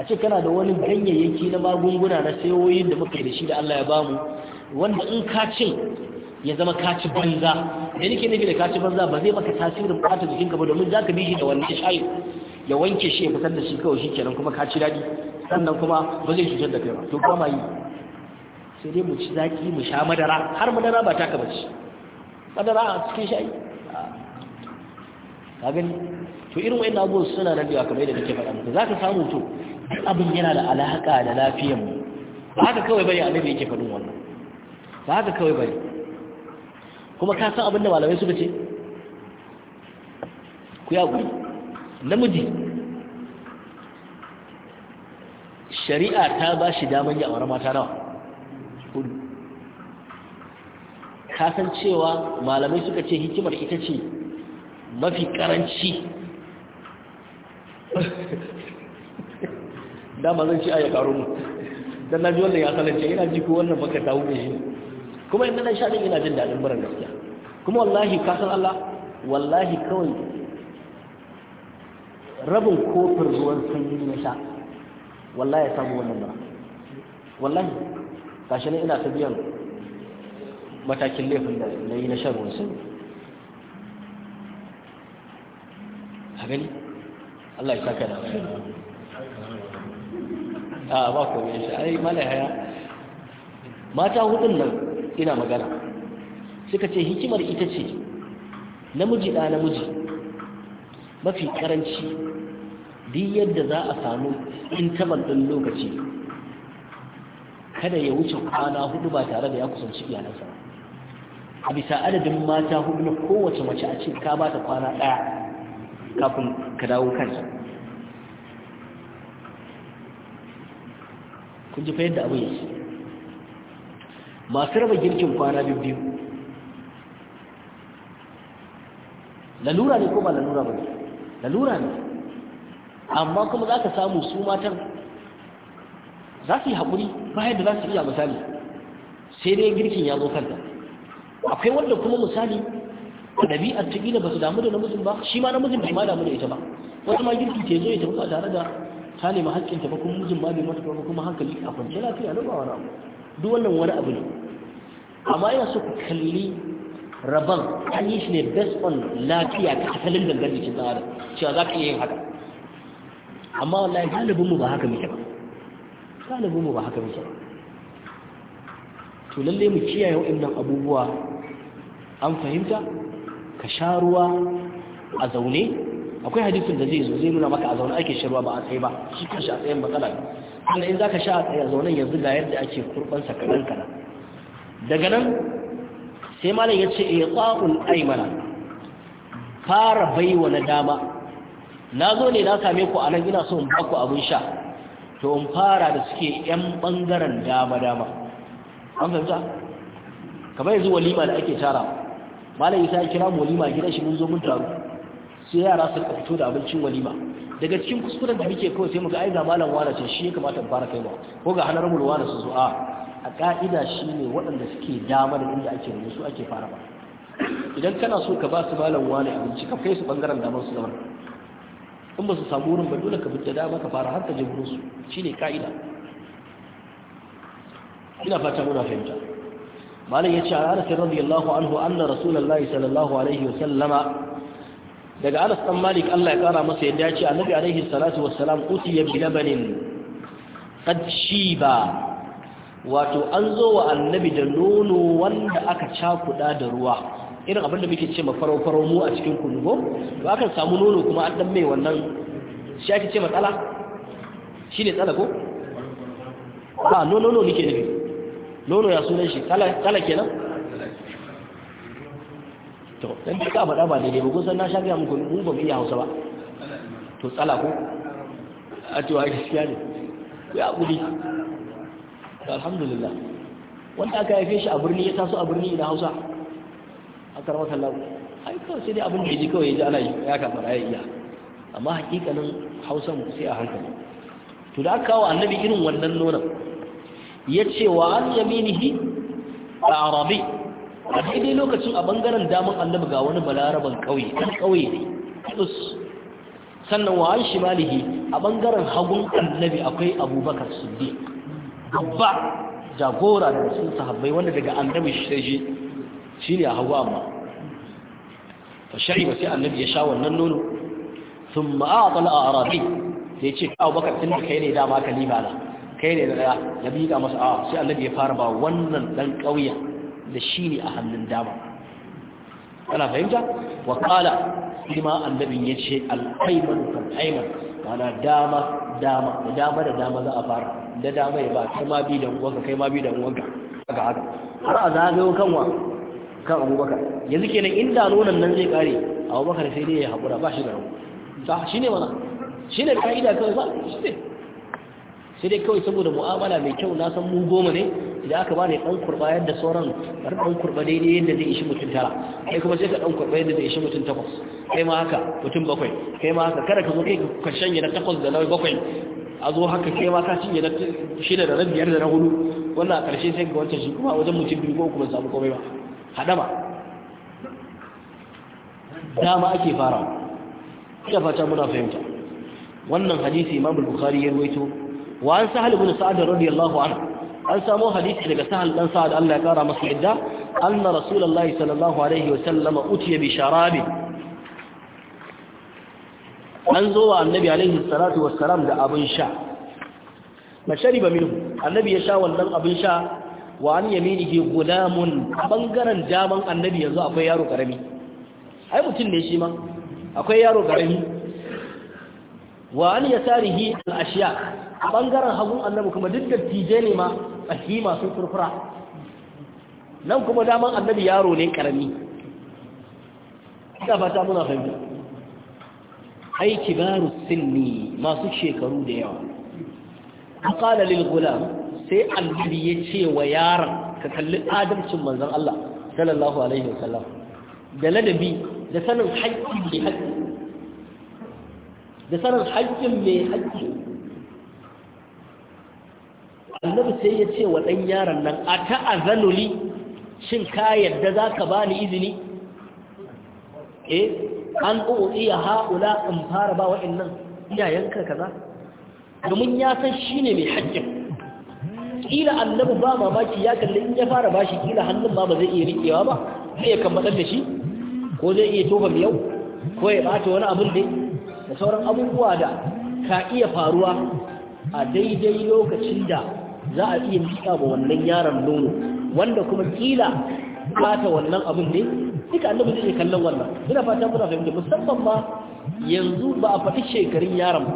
[SPEAKER 1] a ce kana da wani ganyayyaki na magunguna na sayoyin da muka da shi da Allah ya bamu wanda in ka ce ya zama kaci banza da nake nufi da kaci banza ba zai maka tasirin bata jikinka ba domin zaka bi shi da wannan shayi ya wanke shi ya fitar da shi kawai shikenan kuma kaci daɗi sannan kuma ba zai cutar da kai ba to kuma yi sai dai mu ci zaki mu sha madara har madara ba ta ka bace madara a cikin shayi ka gani to irin wayannan abubuwan suna nan da kamar yadda nake faɗa muku zaka samu to abin yana da alaƙa da lafiyar mu ba haka kawai bane annabi yake faɗin wannan ba haka kawai bane kuma ka san abin da malamai suka ce ku ya guri namiji shari'a ta ba shi damar yi aure mata nawa hudu ka san cewa malamai suka ce hikimar ita ce mafi karanci dama zan ci a ya mu dan na ji wannan ya salance yana ji ko wannan baka dawo ne shi kuma in na sha ina jin daɗin barin gaskiya kuma wallahi ka san Allah wallahi kawai
[SPEAKER 2] rabin kofin ruwan sanyi
[SPEAKER 1] na sha wallahi ya samu wannan bara wallahi gashi nan ina ta biyan matakin laifin da na yi na shan ruwan sanyi a gani Allah ya saka da
[SPEAKER 2] a ba ko yin shi ai mala haya
[SPEAKER 1] mata hudun nan ina magana suka ce hikimar ita ce namiji da namiji mafi karanci duk yadda za a samu intabal ɗin lokaci kada ya wuce kwana hudu ba tare da ya kusanci iyalansa a bisa adadin mata hudu na kowace mace a ce ka ba ta kwana ɗaya kafin ka dawo kansa kun ji fa yadda abu yake masu raba girkin kwana biyu lalura ne ko ba lalura ba ne lalura ne amma kuma za ka samu su matan za su yi haƙuri bayan da za su iya misali sai dai girkin ya zo kanta akwai wanda kuma misali a ɗabi'ar ta gina ba su damu da namijin ba shi ma namijin bai ma damu da ita ba wata ma girki ke zo ya tafi ba tare da ta nema haƙƙinta ba kuma mijin ba bai mata ba kuma hankali a kwance lafiya na ba wani abu duk wannan wani abu ne amma ina so ku kalli rabon an yi shi ne based on lafiya ta asalin gangar jikin ɗan adam cewa za ka iya yin haka amma wallahi mu ba haka muke ba mu ba haka muke ba to lalle mu kiyaye waɗannan abubuwa an fahimta ka sha ruwa a zaune akwai hadisin da zai zo zai nuna maka a zaune ake shan ruwa ba a tsaye ba shi kanshi a tsayen matsala ne Kuma in za ka sha a tsaye a zaune yanzu ga yadda ake kurban sa kaɗan kaɗan daga nan sai malam ya ce iqa'ul eh, aymana fara baiwa na dama na zo ne na same ku anan ina so in ba ku abin sha to in fara da suke yan bangaren dama dama an fahimta kamar yanzu walima da ake tara malam isa ya kira mu walima gidan shi mun zo mun taru sai yara su fito da abincin walima daga cikin kuskuren da muke kawai sai muka aiga malam wala ce shi ya kamata in fara kaiwa ko ga hanar mulwa da su zo a ah, a ka'ida ne waɗanda suke dama da inda ake wani su ake fara ba idan kana so ka ba su malam wani abinci ka kai su bangaren damar su daban in ba su samu wurin ba dole ka bincika dama ka fara har ka je wurin su shine ka'ida ina fata muna fahimta malam ya yace a Anas radiyallahu anhu anna rasulullahi sallallahu alaihi wa sallama daga Anas dan Malik Allah ya kara masa yadda ya ce annabi alaihi salatu wa wassalam utiya bi labanin qad shiba wato an zo wa annabi da nono wanda aka cakuda da ruwa irin abinda muke ce ma farau-farau mu a cikin kulubo to akan samu nono kuma an dan mai wannan shi ake ce matsala shi ne tsala ko? ha nono nono nike nufi nono ya sunan shi tsala kenan? to ɗan ka ka faɗa ba daidai ba gusan na shafi muku mun ba mu iya hausa ba
[SPEAKER 2] to tsala ko? a
[SPEAKER 1] cewa gaskiya ne ya ƙuri to alhamdulillah wanda aka haife shi a birni ya taso a birni da hausa a karamar kallahu ai kawai sai dai abin da ya ji kawai ya ji ana ya kamar ya iya amma hakikanin mu sai a hankali to da aka kawo annabi irin wannan nonon ya ce wa an yaminihi a arabi a daidai lokacin a bangaren damar annabi ga wani balaraban ƙauye ɗan ƙauye ne sannan wa an shimalihi a bangaren hagun annabi akwai abubakar siddiq babba jagora da sun sahabbai wanda daga annabi sai shi ne a hagu amma fa shariba sai annabi ya sha wannan nono thumma a a'rabi sai ce Abu Bakar tun da kai ne dama kalifa na kai ne da na bi masa a sai annabi ya fara ba wannan dan kauyen da shi ne a hannun dama ana fahimta wa ma annabin annabi yace al-ayman fal-ayman dama dama da dama da dama za a fara da dama ya ba kai ma bi da uwanka kai ma bi da uwanka ga haka har a zagayo kanwa kan abubakar yanzu kenan da nonon nan zai kare abubakar sai dai ya haƙura ba shi da rauni shi ne mana shi ne ka'ida kawai ba shi ne sai dai kawai saboda mu'amala mai kyau na san mu goma ne idan aka bani dan kurba yadda sauran bar dan kurba daidai yadda zai ishi mutum tara kai kuma sai ka dan kurba yadda zai ishi mutum takwas kai ma haka mutum bakwai kai ma haka kada ka zo kai ka shanye na takwas da na bakwai a zo haka kai ma ka shanye na shida da na biyar da na hudu wannan a ƙarshe sai ga wancan shi kuma wajen mutum biyu ko kuma samu komai ba hadama dama ake fara ina fata muna fahimta wannan hadisi imam bukhari ya ruwaito wa an sahal ibn sa'ad radiyallahu anhu an samo hadisi daga sahal dan sa'ad Allah ya kara masa idda anna rasulullahi sallallahu alaihi wa sallam utiya bi sharabi an zo wa annabi alaihi salatu wassalam da abin sha Ma mashariba minhu annabi ya sha wannan abin sha wa an yaminihi gulamun bangaren daman annabi yanzu akwai yaro karami ai mutum ne shi ma akwai yaro karami wa an yasarihi al-ashiya a bangaren hagun annabi kuma duk dattijai ne ma a tsaki masu furfura nan kuma daman annabi yaro ne karami ina fata muna fahimta ai kibaru sinni masu shekaru da yawa qala lil gulam sai annabi ya ce wa yaron ka kalli adalcin manzon Allah sallallahu alaihi wasallam da ladabi da sanin haƙƙin mai haƙƙi da sanin haƙƙin mai haƙƙi annabi sai ya ce wa ɗan yaron nan a ta'azanuli shin ka yadda za ka ba ni izini eh an iya haula in fara ba wa'annan iyayenka kaza domin ya san shi ne mai hajjin ƙila annabi ba mamaki ya kalli in ya fara ba shi ƙila hannun ba ba zai iya riƙewa ba zai kammatar da shi ko zai iya mai yau ko ya ɓata wani abin da da sauran abubuwa da ka iya faruwa a daidai lokacin da za a iya miƙa wa wannan yaron nono wanda kuma kila bata wannan abin ne duka annabi zai kallon wannan ina fata kuna fahimta musamman ma yanzu ba a faɗi shekarun yaron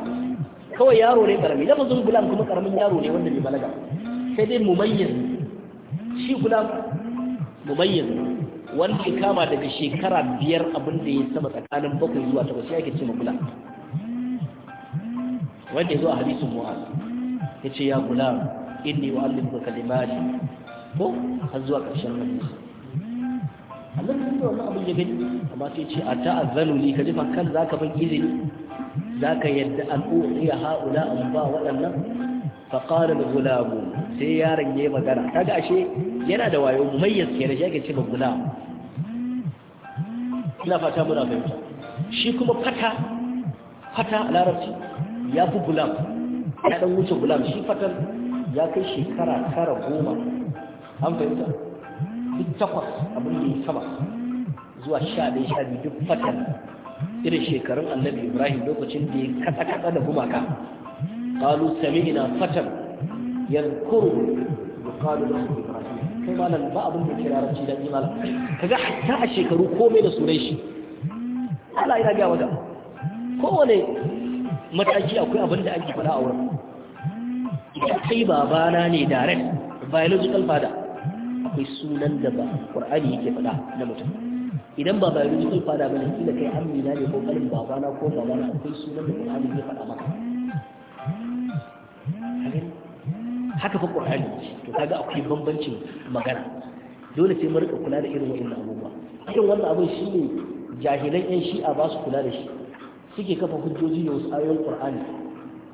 [SPEAKER 1] kawai yaro ne karami da mazun gulam kuma karamin yaro ne wanda bai balaga sai dai mumayyiz shi gulam mumayyiz wanda ya kama daga shekara biyar abin da ya saba tsakanin bakwai zuwa takwas ya ke ce gulam wanda ya zo a hadisun mu'az ya ce ya gula inni wa allimu kalimati ko har zuwa ƙarshen nan Allah ya yi wannan abin ya gani amma sai ce a ta'azzalu ni kaji fa kan zaka ban izini zaka yadda al'uwa ya haula an ba waɗannan fa qala al-ghulam sai yaron yayi magana kaga ashe yana da wayo mumayyiz kenan shi ake cewa gulam ina fata muna fahimta shi kuma fata fata a larabci ya fi gulam ya dan wuce gulam shi fatan ya kai shekara tara goma an fahimta duk takwas abin da ya saba zuwa sha ɗaya sha biyu duk fatan irin shekarun annabi ibrahim lokacin da ya kasa kasa da gumaka sami ina fatan kuru da qalu lahu ibrahim kai ma ba abin da kira rabci da imala kaga hatta a shekaru komai da sunan shi Allah ya ga wata kowane mataki akwai abin da ake faɗa a wurin kai babana ne direct biological father akwai sunan da ba ƙwar'ani yake faɗa na mutum idan ba biological father bane kila kai amina ne ko kalin babana ko babana akwai sunan da ƙwar'ani yake faɗa maka haka fa ƙwar'ani to kaga akwai bambancin magana dole sai mu rika kula da irin wannan abubuwa irin wannan abin shine jahilan yan shi'a ba su kula da shi suke kafa hujjoji da wasu ayoyin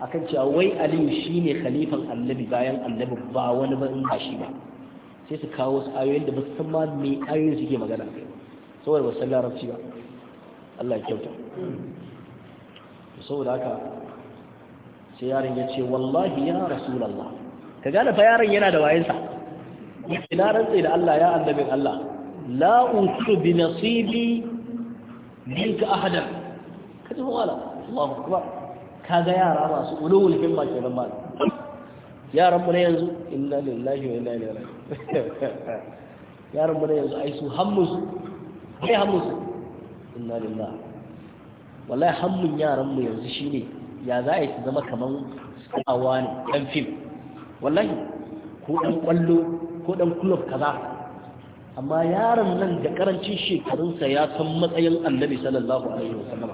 [SPEAKER 1] akan cewa wai aliyu shine khalifan annabi bayan annabi ba wani ba in ba shi ba sai su kawo wasu ayoyin da ba su san ma me ayoyin suke magana saboda ba su san larabci ba Allah ya kyauta saboda haka sai yaron ya ce wallahi ya rasulullah ka gane fa yaron yana da wayansa ina rantsi da Allah ya annabin Allah la usu bi nasibi minka ahadan kaji wala Allahu akbar kaga yara masu ulul himma kenan ma yaran mu ne yanzu inna lillahi wa inna ilaihi raji'un yaran mu ne yanzu ai su hammus ai hammus inna lillahi wallahi hammun yaran mu yanzu shine ya za a yi zama kaman awa ne dan fim wallahi ko dan kwallo ko dan club kaza amma yaran nan da karancin shekarunsa ya san matsayin annabi sallallahu alaihi wasallam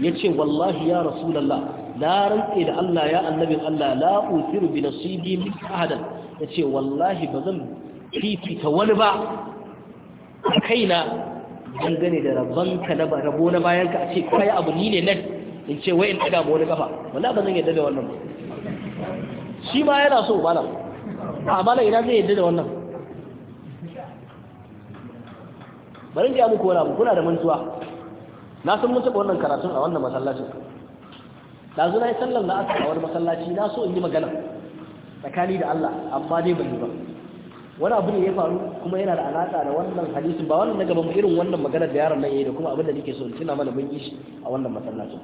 [SPEAKER 1] ya ce wallahi ya rasulallah la rantse da Allah ya annabin Allah la usiru bi nasibi min ahadan ya ce wallahi ba zan fifita wani ba a kaina gane da rabanka na rabo na bayan ka a ce kai abu ni ne nan in ce wai in ɗaga ma wani kafa wallahi ba zan yadda da wannan shi ma yana so malam a malam ina zai yadda da wannan
[SPEAKER 2] bari in ji muku wani abu kuna da mantuwa
[SPEAKER 1] na san mun taɓa wannan karatun a wannan masallacin ɗazu na yi sallar na aka a wani masallaci na so in yi magana tsakani da Allah amma dai bai yi ba wani abu ne ya faru kuma yana da alaƙa da wannan hadisin ba wannan na gaba irin wannan maganar da yaron nan yayi da kuma abin da nake so tuna mana mun yi shi a wannan masallacin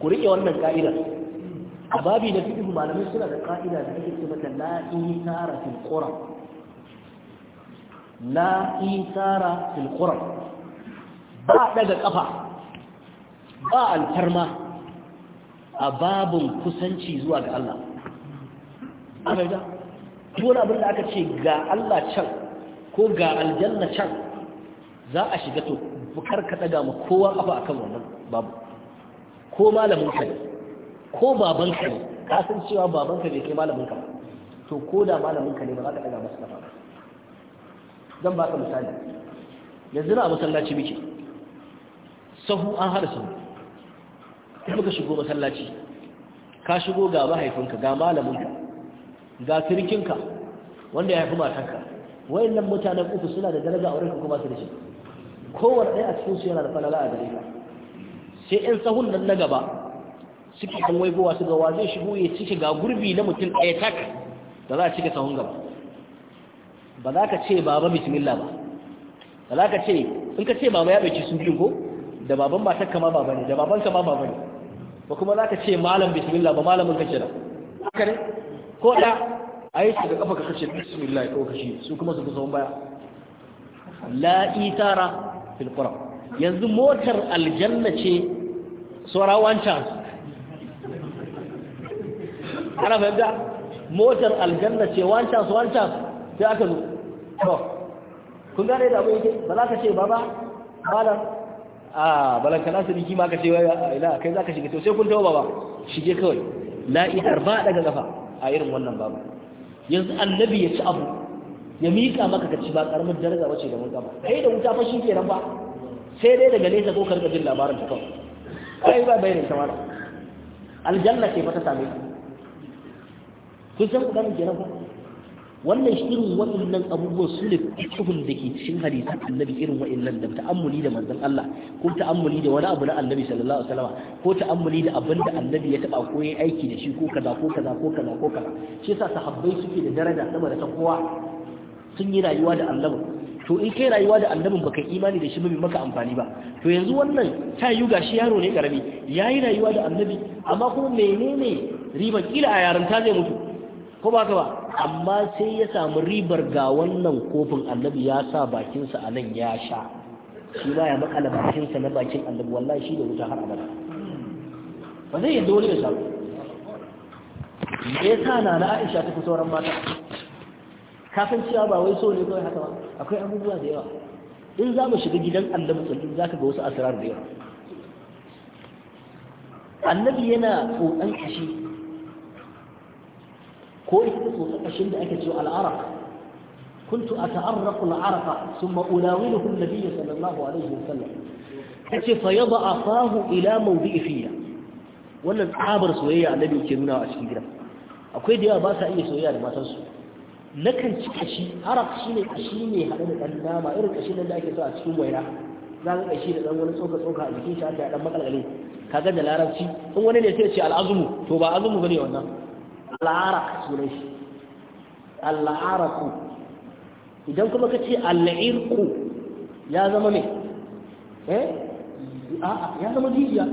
[SPEAKER 1] ku riƙe wannan ka'ida a babi da fiqh malamai suna da ka'ida da ake ce mata la isara fil qura la isara fil qura ba daga ƙafa, ba alfarma a babun kusanci zuwa ga Allah amurda tuwon abin da aka ce ga Allah can ko ga aljanna can za a shiga to bukar ka daga mu kowa a akan wannan babu ko malamin ka ne ko baban ka ne ka san cewa baban ka ne ke malamin ka to ko da malamin ka ne ba za ka daga masu ƙafa zan ba ka misali yanzu na a masallaci muke sahu an hada sahu kuma ka shigo masallaci ka shigo ga mahaifinka ga malaminka ga kirkinka wanda ya haifi matanka wayannan mutanen uku suna da daraja a wurinka kuma su da shi kowanne ɗaya a cikin su yana da falala a gare ka sai in sahun nan na gaba suke kan waigowa su ga wa zai shigo ya cike ga gurbi na mutum ɗaya tak da za a cike sahun gaba ba za ka ce baba bismillah ba ba za ka ce in ka ce baba ya ɗauki sun biyu ko da baban matar kama baba ne da baban kama baba ne ba kuma za ka ce malam bismillah ba malamin kake da
[SPEAKER 2] haka ne ko da
[SPEAKER 1] ayi yi su da kafa ka kace bismillah ko kashi su kuma su kusa baya la itara fil qur'an yanzu motar aljanna ce saura one chance ana fahimta motar aljanna ce one chance one chance sai aka zo kun gane da abin yake ba za ka ce baba malam a balantana su biki ma ka ce wai ila kai zaka shige to sai kun tauba ba shige kawai la idar ba daga kafa a irin wannan babu yanzu annabi ya ci abu ya mika maka ka ci ba karamin daraja wace da mun gaba kai da wuta fa shi ke kenan ba sai dai daga nesa ko karka jin labarin ta kawai kai ba bayanin ta mara aljanna ce fa ta same ku kun san ku ganin kenan ba wannan irin waɗannan abubuwan su ne da ke cikin hadisan annabi irin waɗannan da ta'ammuli da manzon Allah ko ta'ammuli da wani abu na annabi sallallahu alaihi wasallam ko ta'ammuli da abin da annabi ya taba ko aiki da shi ko kaza ko kaza ko kaza ko kaza shi yasa sahabbai suke da daraja sama da ta kowa sun yi rayuwa da annabi to in kai rayuwa da annabin baka imani da shi ba maka amfani ba to yanzu wannan ta yi gashi yaro ne karami yayi rayuwa da annabi amma kuma menene riba kila a ta zai mutu ko ba ka ba amma sai ya samu ribar ga wannan kofin annabi ya sa bakinsa a nan ya sha shi ba ya makala bakinsa na bakin annabi wallahi shi da wuta har abada ba zai yadda wani ya samu me yasa na na Aisha ta sauran mata kafin cewa ba wai so ne kawai haka ba akwai abubuwa da yawa in za mu shiga gidan annabi sallallahu za ka ga wasu asirar da yawa annabi yana tsotsan kashi ko ita tsotsakashin da ake cewa al'araka kuntu a ta'arraku al'araka sun ma'ulawilu kun nabi sallallahu alaihi wasallam ta ce fa yaba a fahu ila maudu'i fiya wannan tsabar soyayya annabi ke nuna a cikin gida akwai da yawa ba sa iya soyayya da matansu nakan ci kashi arak shi ne kashi ne haɗe da ɗan nama irin kashi nan da ake sa a cikin waina za ka kashi da ɗan wani tsoka-tsoka a jikin shi haka ya ɗan makalgale kaga da larabci in wani ne sai ce al'azumu to ba azumu bane wannan al'arak sunan shi al'araku idan kuma ka ce al'irku ya zama ne eh a'a ya zama jijiya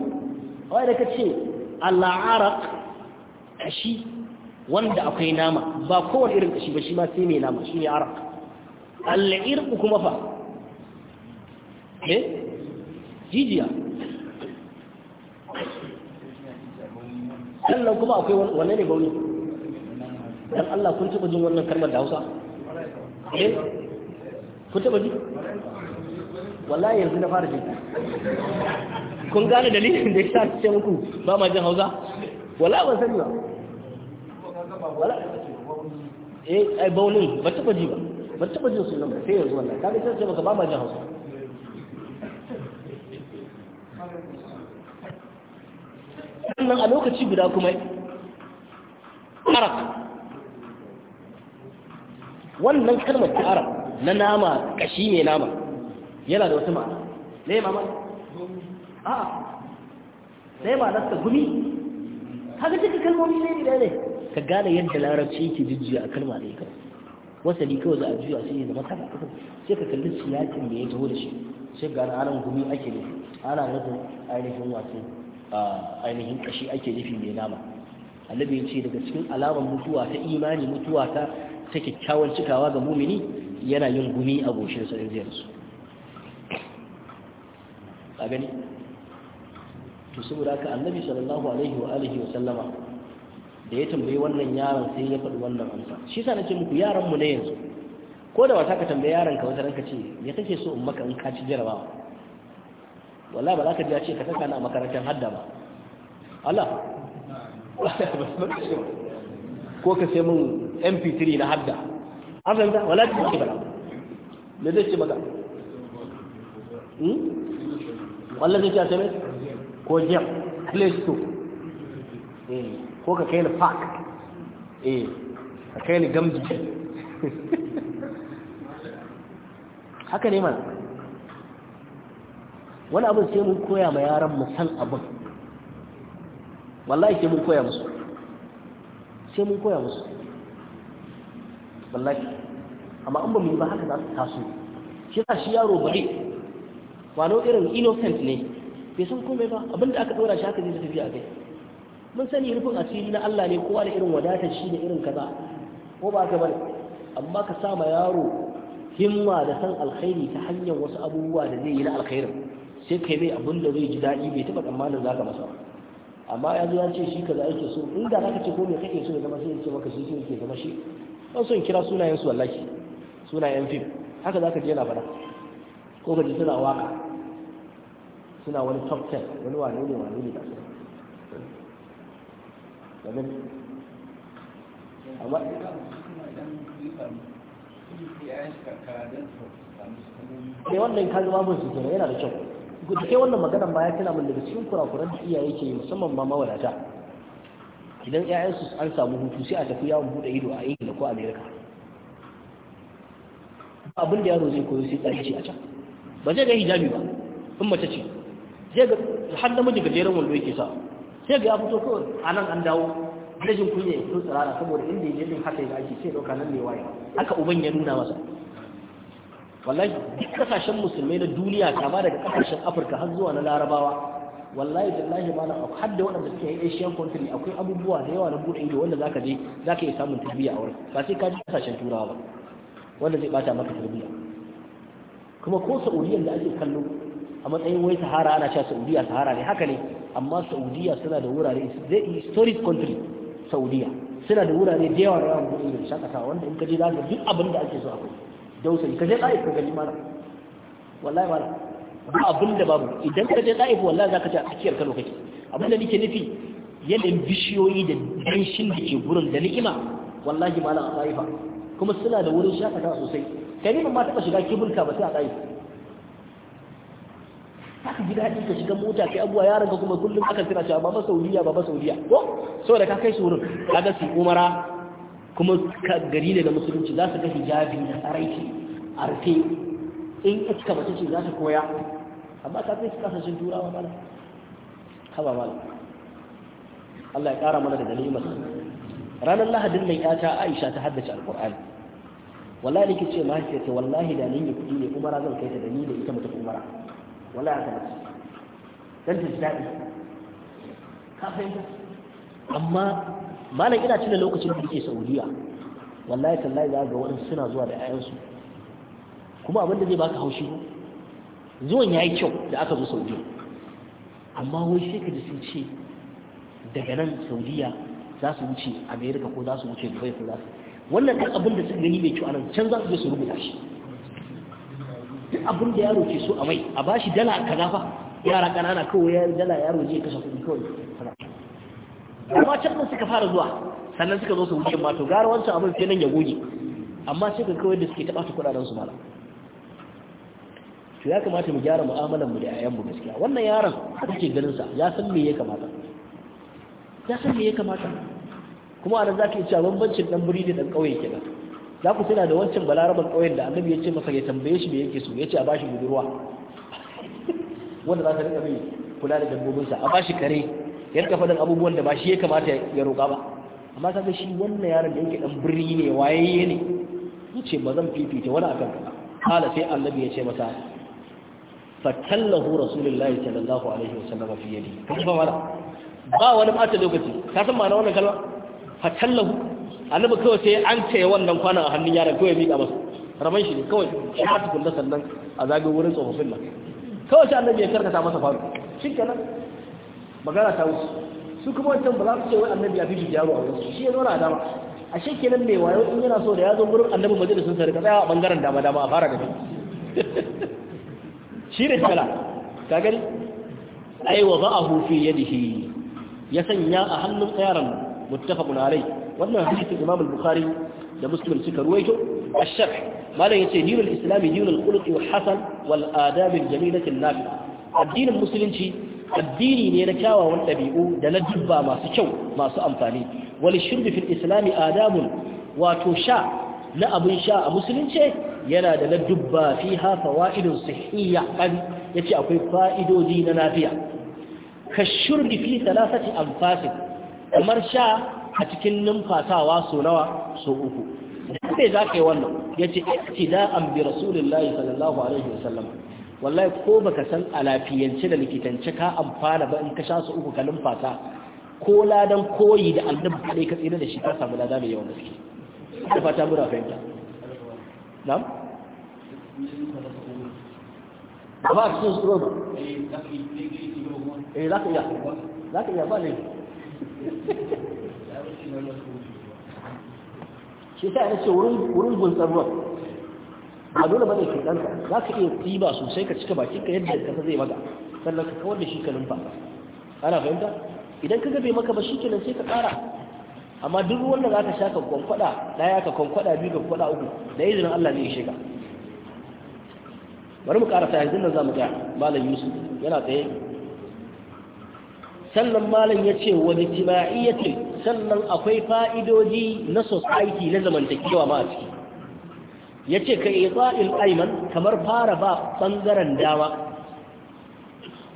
[SPEAKER 1] wai da ka ce al'arak shi wanda akwai nama ba kowane irin kashi ba shi ma sai mai nama shi ne arak al'irku kuma fa eh jijiya
[SPEAKER 2] sannan kuma akwai
[SPEAKER 1] wanne ne bauni dan Allah kun taba jin wannan kalmar da Hausa
[SPEAKER 2] eh kun taba ji wallahi yanzu na fara ji kun gane dalilin da yasa
[SPEAKER 1] ce muku ba ma jin Hausa wallahi ban sani ba wallahi eh ai bawlin ba taba ji ba ba taba jin sunan
[SPEAKER 2] ba sai yanzu wallahi kaga sai ce baka ba ma jin Hausa sannan a lokaci guda kuma arak
[SPEAKER 1] wannan kalmar ta arab na nama kashi ne nama yana da wata ma'ana ne mai a sai ma nasta gumi kaga duka kalmomi ne da ne ka gane yadda larabci yake jijjiya a kalma da yake wasali kawai za a juya shi ne da masana sai ka kalli siyakin da ya taho da shi sai ga anan gumi ake ne ana nufin ainihin wato ainihin kashi ake nufi mai nama annabi ya ce daga cikin alamar mutuwa ta imani mutuwa ta ta kyakkyawan cikawa ga mumini yana yin gumi a goshinsa sa zai rasu a gani to saboda haka annabi sallallahu alaihi wa alihi wa sallama da ya tambayi wannan yaron sai ya faɗi wannan amsa shi sa nake muku yaran mu ne yanzu ko da wata ka tambayi yaron ka wata ranka ce me kake so in maka in ka ci jarabawa wallahi ba za ka ji a ce ka saka na makarantar hadda ba Allah ko ka sai mun mp3 na hadda an fahimta wala ta ce bala me zai ce maka
[SPEAKER 2] hmm? wala zai ce a sami ko jam play store
[SPEAKER 1] eh, ko ka kai ni park eh ka kai ni gamji haka ne mana wani abin sai mun koya ma yaran mu san abin wallahi sai mun koya musu sai mun koya musu wallahi amma in ba mu yi ba haka za su taso shi za shi yaro bari wano irin innocent ne bai san komai ba abinda aka dora shi haka zai tafi a kai mun sani rufin asiri na Allah ne kowa da irin wadatar shi da irin kaza ko ba ka bane amma ka sa ma yaro himma da san alkhairi ta hanyar wasu abubuwa da zai yi na alkhairin sai kai bai abin da zai ji daɗi bai taɓa tsammanin za ka masa amma ya zo ya ce shi kaza yake so inda za ka ce ko me kake so ya zama sai ya ce maka shi sai ke zama shi don son kira sunayen su wallahi sunayen fim haka za ka je na fara ko ka ji suna waka suna wani top 10 wani wane ne wane ne da su
[SPEAKER 2] amma ne wannan ka mun su yana da
[SPEAKER 1] kyau da wannan maganar baya tana mun daga cikin kurakuran da iyaye ke musamman ma mawadata idan 'ya'yansu an samu hutu sai a tafi yawon buɗe ido a ingila ko amerika abin da yaro zai koyo sai tsarki a can ba zai ga hijabi ba in mace ce zai ga har da miji gajeren wando yake sa sai ga ya fito kawai a nan an dawo rajin kunya ya fito tsirara saboda inda ya jirgin haka ya ake sai ɗauka nan ne waye haka uban ya nuna masa wallahi duk kasashen musulmai na duniya kama daga kasashen afirka har zuwa na larabawa wallahi billahi malam har da waɗanda suke yin asian country akwai abubuwa da yawa na buɗe ido wanda zaka je zaka iya samun tarbiyya a wurin ba sai ka ji kasashen turawa ba wanda zai bata maka tarbiyya kuma ko saudiyan da ake kallo a matsayin wai sahara ana cewa saudiya sahara ne haka ne amma sa'udiyya suna da wurare zai historic country sa'udiyya suna da wurare da yawa da yawan buɗe ido shakatawa wanda in ka je za duk abin da ake so akwai dausayi ka je ka gani malam wallahi malam ba abin da babu idan ka je za ka ci a akiyar kano kake abin da nake nufi yanayin bishiyoyi da danshin da ke gurin da ni'ima wallahi malam a ta'ifa kuma suna da wurin shakata sosai kai ne ma taɓa shiga kibulka ba sai a ta'ifa haka ji daɗi ka shiga mota kai abuwa yaron ka kuma kullum aka tira cewa baba saudiya baba saudiya ko saboda ka kai su wurin kaga su umara kuma gari ne da musulunci za su ga hijabi da tsaraiki a rufe in iska ba ce za ta koya amma ka kai kasashen turawa mana haba mala Allah ya kara mana da ganimar ranar lahadin nan ya ta Aisha ta haddace alqur'ani wallahi nake ce ma ce wallahi da nan ya kudi ne umara zan kai ta da ni da ita mutum umara wallahi ya kamata. dan ta daɗi. ka fahimta amma malam ina cin lokacin da yake Saudiya wallahi tallahi za ga waɗansu suna zuwa da ayansu kuma abin da zai baka haushi zuwan ya yi kyau da aka zo saudi amma wai sai ka ji sun ce daga nan saudiya za su wuce amerika ko za su wuce dubai ko za su wannan kan abin da suka gani mai kyau a nan can za su je su rubuta shi duk abin da yaro ke so a mai a bashi dala kaza fa yara kanana kawai ya dala yaro je kashe kuɗi kawai amma can nan suka fara zuwa sannan suka zo su wuce ma to gara wancan abin sai nan ya goge amma sai ka kawai da suke taɓa su kuɗaɗen su mara to ya kamata mu gyara mu'amalar mu da ayyan mu gaskiya wannan yaron kake ganin sa ya san me ya kamata ya san me ya kamata kuma anan zaka yi cewa bambancin dan buri da dan kauye nan? za ku tuna da wancan balaraban kauyen da annabi ya ce masa ya tambaye shi me yake so ya ce a bashi budurwa wanda za ta rika mai kula da dabbobinsa a bashi kare yar rika faɗin abubuwan da ba shi ya kamata ya roƙa ba amma kaga shi wannan yaron da yake dan birni ne wayayye ne yace ba zan fifita wani akan ka hala sai annabi ya ce masa fatallahu rasulullahi sallallahu alaihi wasallam fi yadi kuma wala ba wani bata lokaci ka san ma'ana wannan kalma fatallahu annabi kawai sai an ce wannan kwanan a hannun yaron kawai mika masa raman shi ne kawai shi ha tukun da sannan a zage wurin tsofaffin nan kawai sai annabi ya karkata masa faru shikenan magana ta wuce su kuma wancan ba za su ce wai annabi ya fi shi yaro a wurin shi ya zo dama a shekenan mai wayo in yana so da ya zo wurin annabi majalisun sarki tsaya a bangaren dama dama a fara da shi kala ta ka gani ai wa ba'ahu ya sanya a hannun yaron muttafaqun alai wannan hadisin imam bukari da muslim suka ruwaito ash-sharh malam yace dinul islami dinul khuluq wal hasan wal adab al-jamilati nafia addinin musulunci addini ne na kyawawan ɗabi'u da na dubba masu kyau masu amfani wal shurbi fil islami adabun wato sha na abin sha a musulunce yana da ladubba fi hafa wa'idun sihiyya an ya ce akwai fa'idoji na nafiya. ka shurdi fi talasati amfasin kamar sha a cikin numfasawa so nawa so uku sai za ka yi wannan ya ce an bi rasulullahi sallallahu alaihi wasallam wallahi ko baka san a lafiyance da likitance ka amfana ba in ka sha su uku ka numfasa ko ladan koyi da annabi kadai ka tsira da shi ka samu lada mai yawan gaske da fata bura fahimta
[SPEAKER 2] na'am ba ba cikin tsoro ba eh za ka iya za ka iya ba ne
[SPEAKER 1] shi ta yana ce wurin gunsar ruwan a dole ba ne ke ɗanka za ka iya ba sosai ka cika baki ka yadda ka zai maka sannan ka kawar da shi ka numfa ana fahimta idan ka gabe maka ba shi kenan sai ka ƙara amma duk wanda za ka sha ka kwankwada ɗaya ka kwankwada biyu ga kwankwada uku da izinin Allah ne ya shiga bari mu karasa yanzu nan za mu ga malam yusuf yana tsaye sannan malam ya ce wani ce sannan akwai fa'idoji na society na zamantakewa ma a ciki ya ce ka itsa'il aiman kamar fara ba ɓangaren dama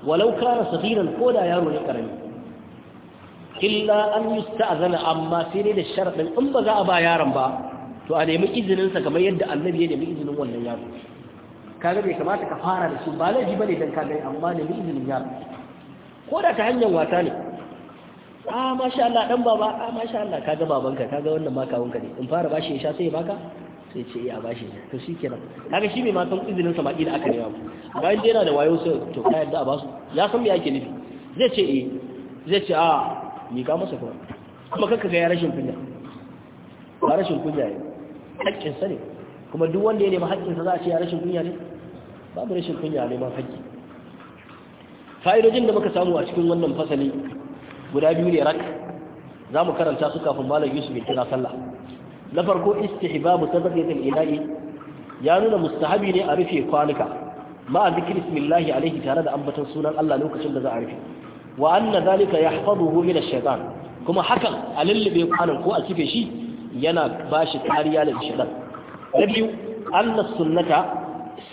[SPEAKER 1] walau kara safiran ko da yaro ne karami illa an yusta'zana amma sai dai da sharadin in ba za a ba yaron ba to a nemi izinin sa kamar yadda annabi ya nemi izinin wannan yaro kaga bai kamata ka fara da shi ba laifi bane dan kaga amma nemi izinin yaro ko da ta hanyar wata ne a ah, masha Allah dan baba a ah, masha Allah kaga babanka kaga wannan ma ka ne in fara bashi ya sha sai ya baka sai ce ya eh, bashi to shikenan kaga shi mai ma san izinin sa ma da aka nema bayan da yana da wayo sai to kai da a basu ya san me yake nufi zai ce eh zai ce a ah, miƙa masa kuma kuma kanka ga ya rashin kunya ba rashin kunya ne haƙƙinsa ne kuma duk wanda ya nemi haƙƙinsa za a ce ya rashin kunya ne babu rashin kunya a neman haƙƙi fa'idojin da muka samu a cikin wannan fasali guda biyu ne rak za mu karanta su kafin malam yusuf ya kira sallah na farko istihbabu sadaqatul ilahi ya nuna mustahabi ne a rufe kwanuka ma'a zikri bismillah alaihi tare da ambaton sunan Allah lokacin da za a rufe wa anna zalika yahfazuhu min ash-shaytan kuma hakan a lullube kwanan ko a kife shi yana bashi kariya daga shaytan na biyu anna sunnata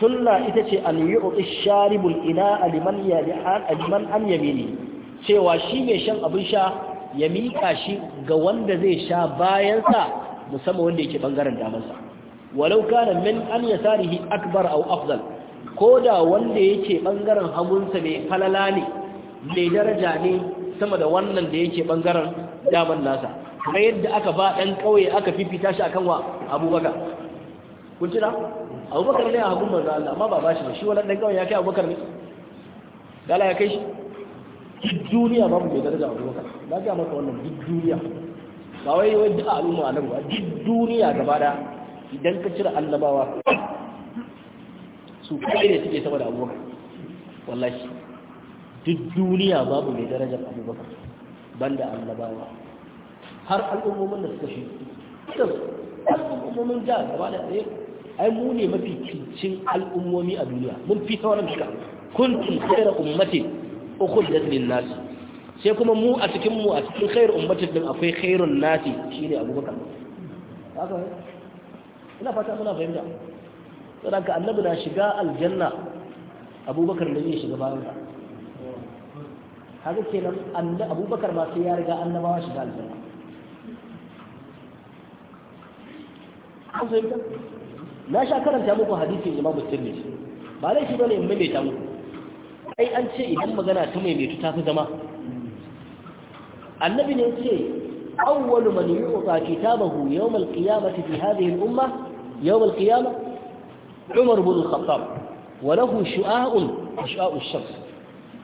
[SPEAKER 1] sunna ita ce an yu'ti ash-sharibu al-ina'a liman yali'an liman an cewa shi mai shan abin sha ya mika shi ga wanda zai sha bayan sa musamman wanda yake bangaren damansa walau kana min an yasarihi akbar aw afdal da wanda yake bangaren hagunsa mai falala ne mai daraja ne sama da wannan da yake bangaren daman nasa kuma yadda aka ba ɗan ƙauye aka fifita shi akan wa abubakar kun cina? abubakar ne a hagun manzo Allah amma ba ba shi ba shi wannan ɗan ƙauye ya kai abubakar ne dala ya kai shi duk duniya babu mai daraja abubakar na ga maka wannan duk duniya ba wai wai duk al'umma nan ba duk duniya gaba da idan ka cire annabawa su kai ne suke sama da abubakar wallahi duk duniya babu mai darajar abubakar banda annabawa har al'ummomin da suka shi al'ummomin da gaba da tsaye ai mu ne mafi cincin al'ummomi a duniya mun fi sauran duka kuntum khayra ummati ukhrijat lin nas sai kuma mu a cikin mu a cikin khayr ummatin din akwai khairun nasi shine abubakar haka ina fata muna fahimta saboda annabi na shiga aljanna abubakar ne zai shiga bayan sa kaga kenan annabi abubakar ba sai ya riga annabawa shiga aljanna na sha karanta muku hadisin imamu tirmidhi ba laifi bane in maimaita muku ai an ce idan magana ta maimaitu ta fi zama annabi ne ce awwalu man yu'ta kitabahu yawm al-qiyamati fi hadhihi al-umma yawm al-qiyamah Umar ibn al-Khattab wa lahu shu'a'un shu'a'u ash-shams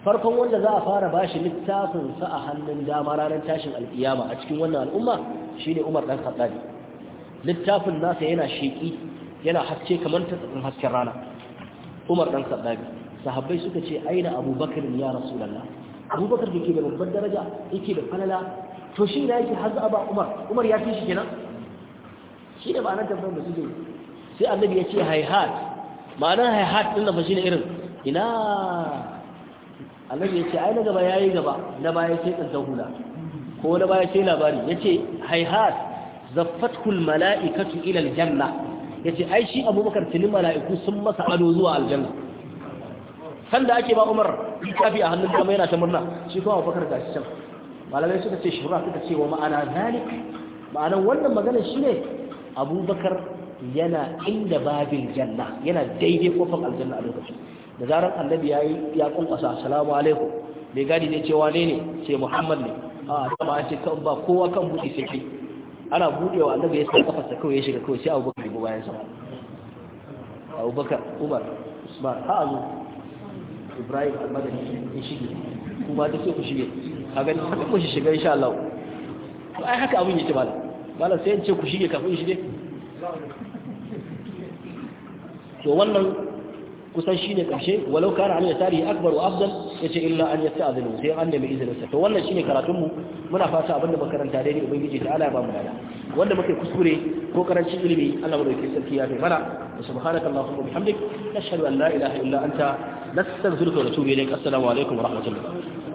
[SPEAKER 1] farkon wanda za a fara bashi littafin sa a hannun dama ranar tashin alkiyama a cikin wannan al'umma shine Umar dan Khattab littafin nasa yana sheki yana haske kamar ta tsakin hasken rana Umar dan Khattab sahabbai suka ce aina Abubakar ya Rasulullah Abubakar da ke da babbar daraja yake da falala to shi ne yake har ba Umar Umar ya fi shi kenan shi ne ba nan tabbatar da su sai annabi ya ce hayhat ma'anar hayhat din da fa shine irin ina annabi ya ce ai na gaba ya yi gaba na baya sai tsaddan hula ko na baya sai labari ya ce haihat zaffatkul mala'ikatu ila aljanna ya ce ai shi abubakar tuni mala'iku sun masa ado zuwa aljanna sanda ake ba umar kafi a hannun dama yana ta murna shi kuma abubakar ga shi can malamai suka ce shura suka ce wa ma'ana zalik ma'anan wannan magana shi ne abubakar yana inda babin janna yana daidai kofar aljanna a lokacin da zaran annabi yi ya kunkasa assalamu alaikum bai gadi ne cewa ne ne sai muhammad ne a ta an ce kan ba kowa kan buɗe sai kai ana buɗewa annabi ya sa kafarsa kawai ya shiga kawai sai abubakar ya bayan sa abubakar umar usman ha azu ibrahim almadani ya shige kuma ta sai ku shige a gani shiga insha Allah to ai haka abin yake malam malam sai in ce ku shige kafin shige
[SPEAKER 2] to wannan
[SPEAKER 1] kusan shine karshe walau kana ya yasari akbar wa afdal yace illa an yasta'dhinu sai an da mai izinin sa to wannan shine karatun mu muna fata abinda makaranta dai ubangiji ta ala ya ba mu dada wanda muke kuskure ko karancin ilimi Allah madauki sarki ya
[SPEAKER 2] bai mana subhanakallahumma wa bihamdik nashhadu an la ilaha illa anta nastaghfiruka wa natubu ilayk assalamu alaikum wa rahmatullah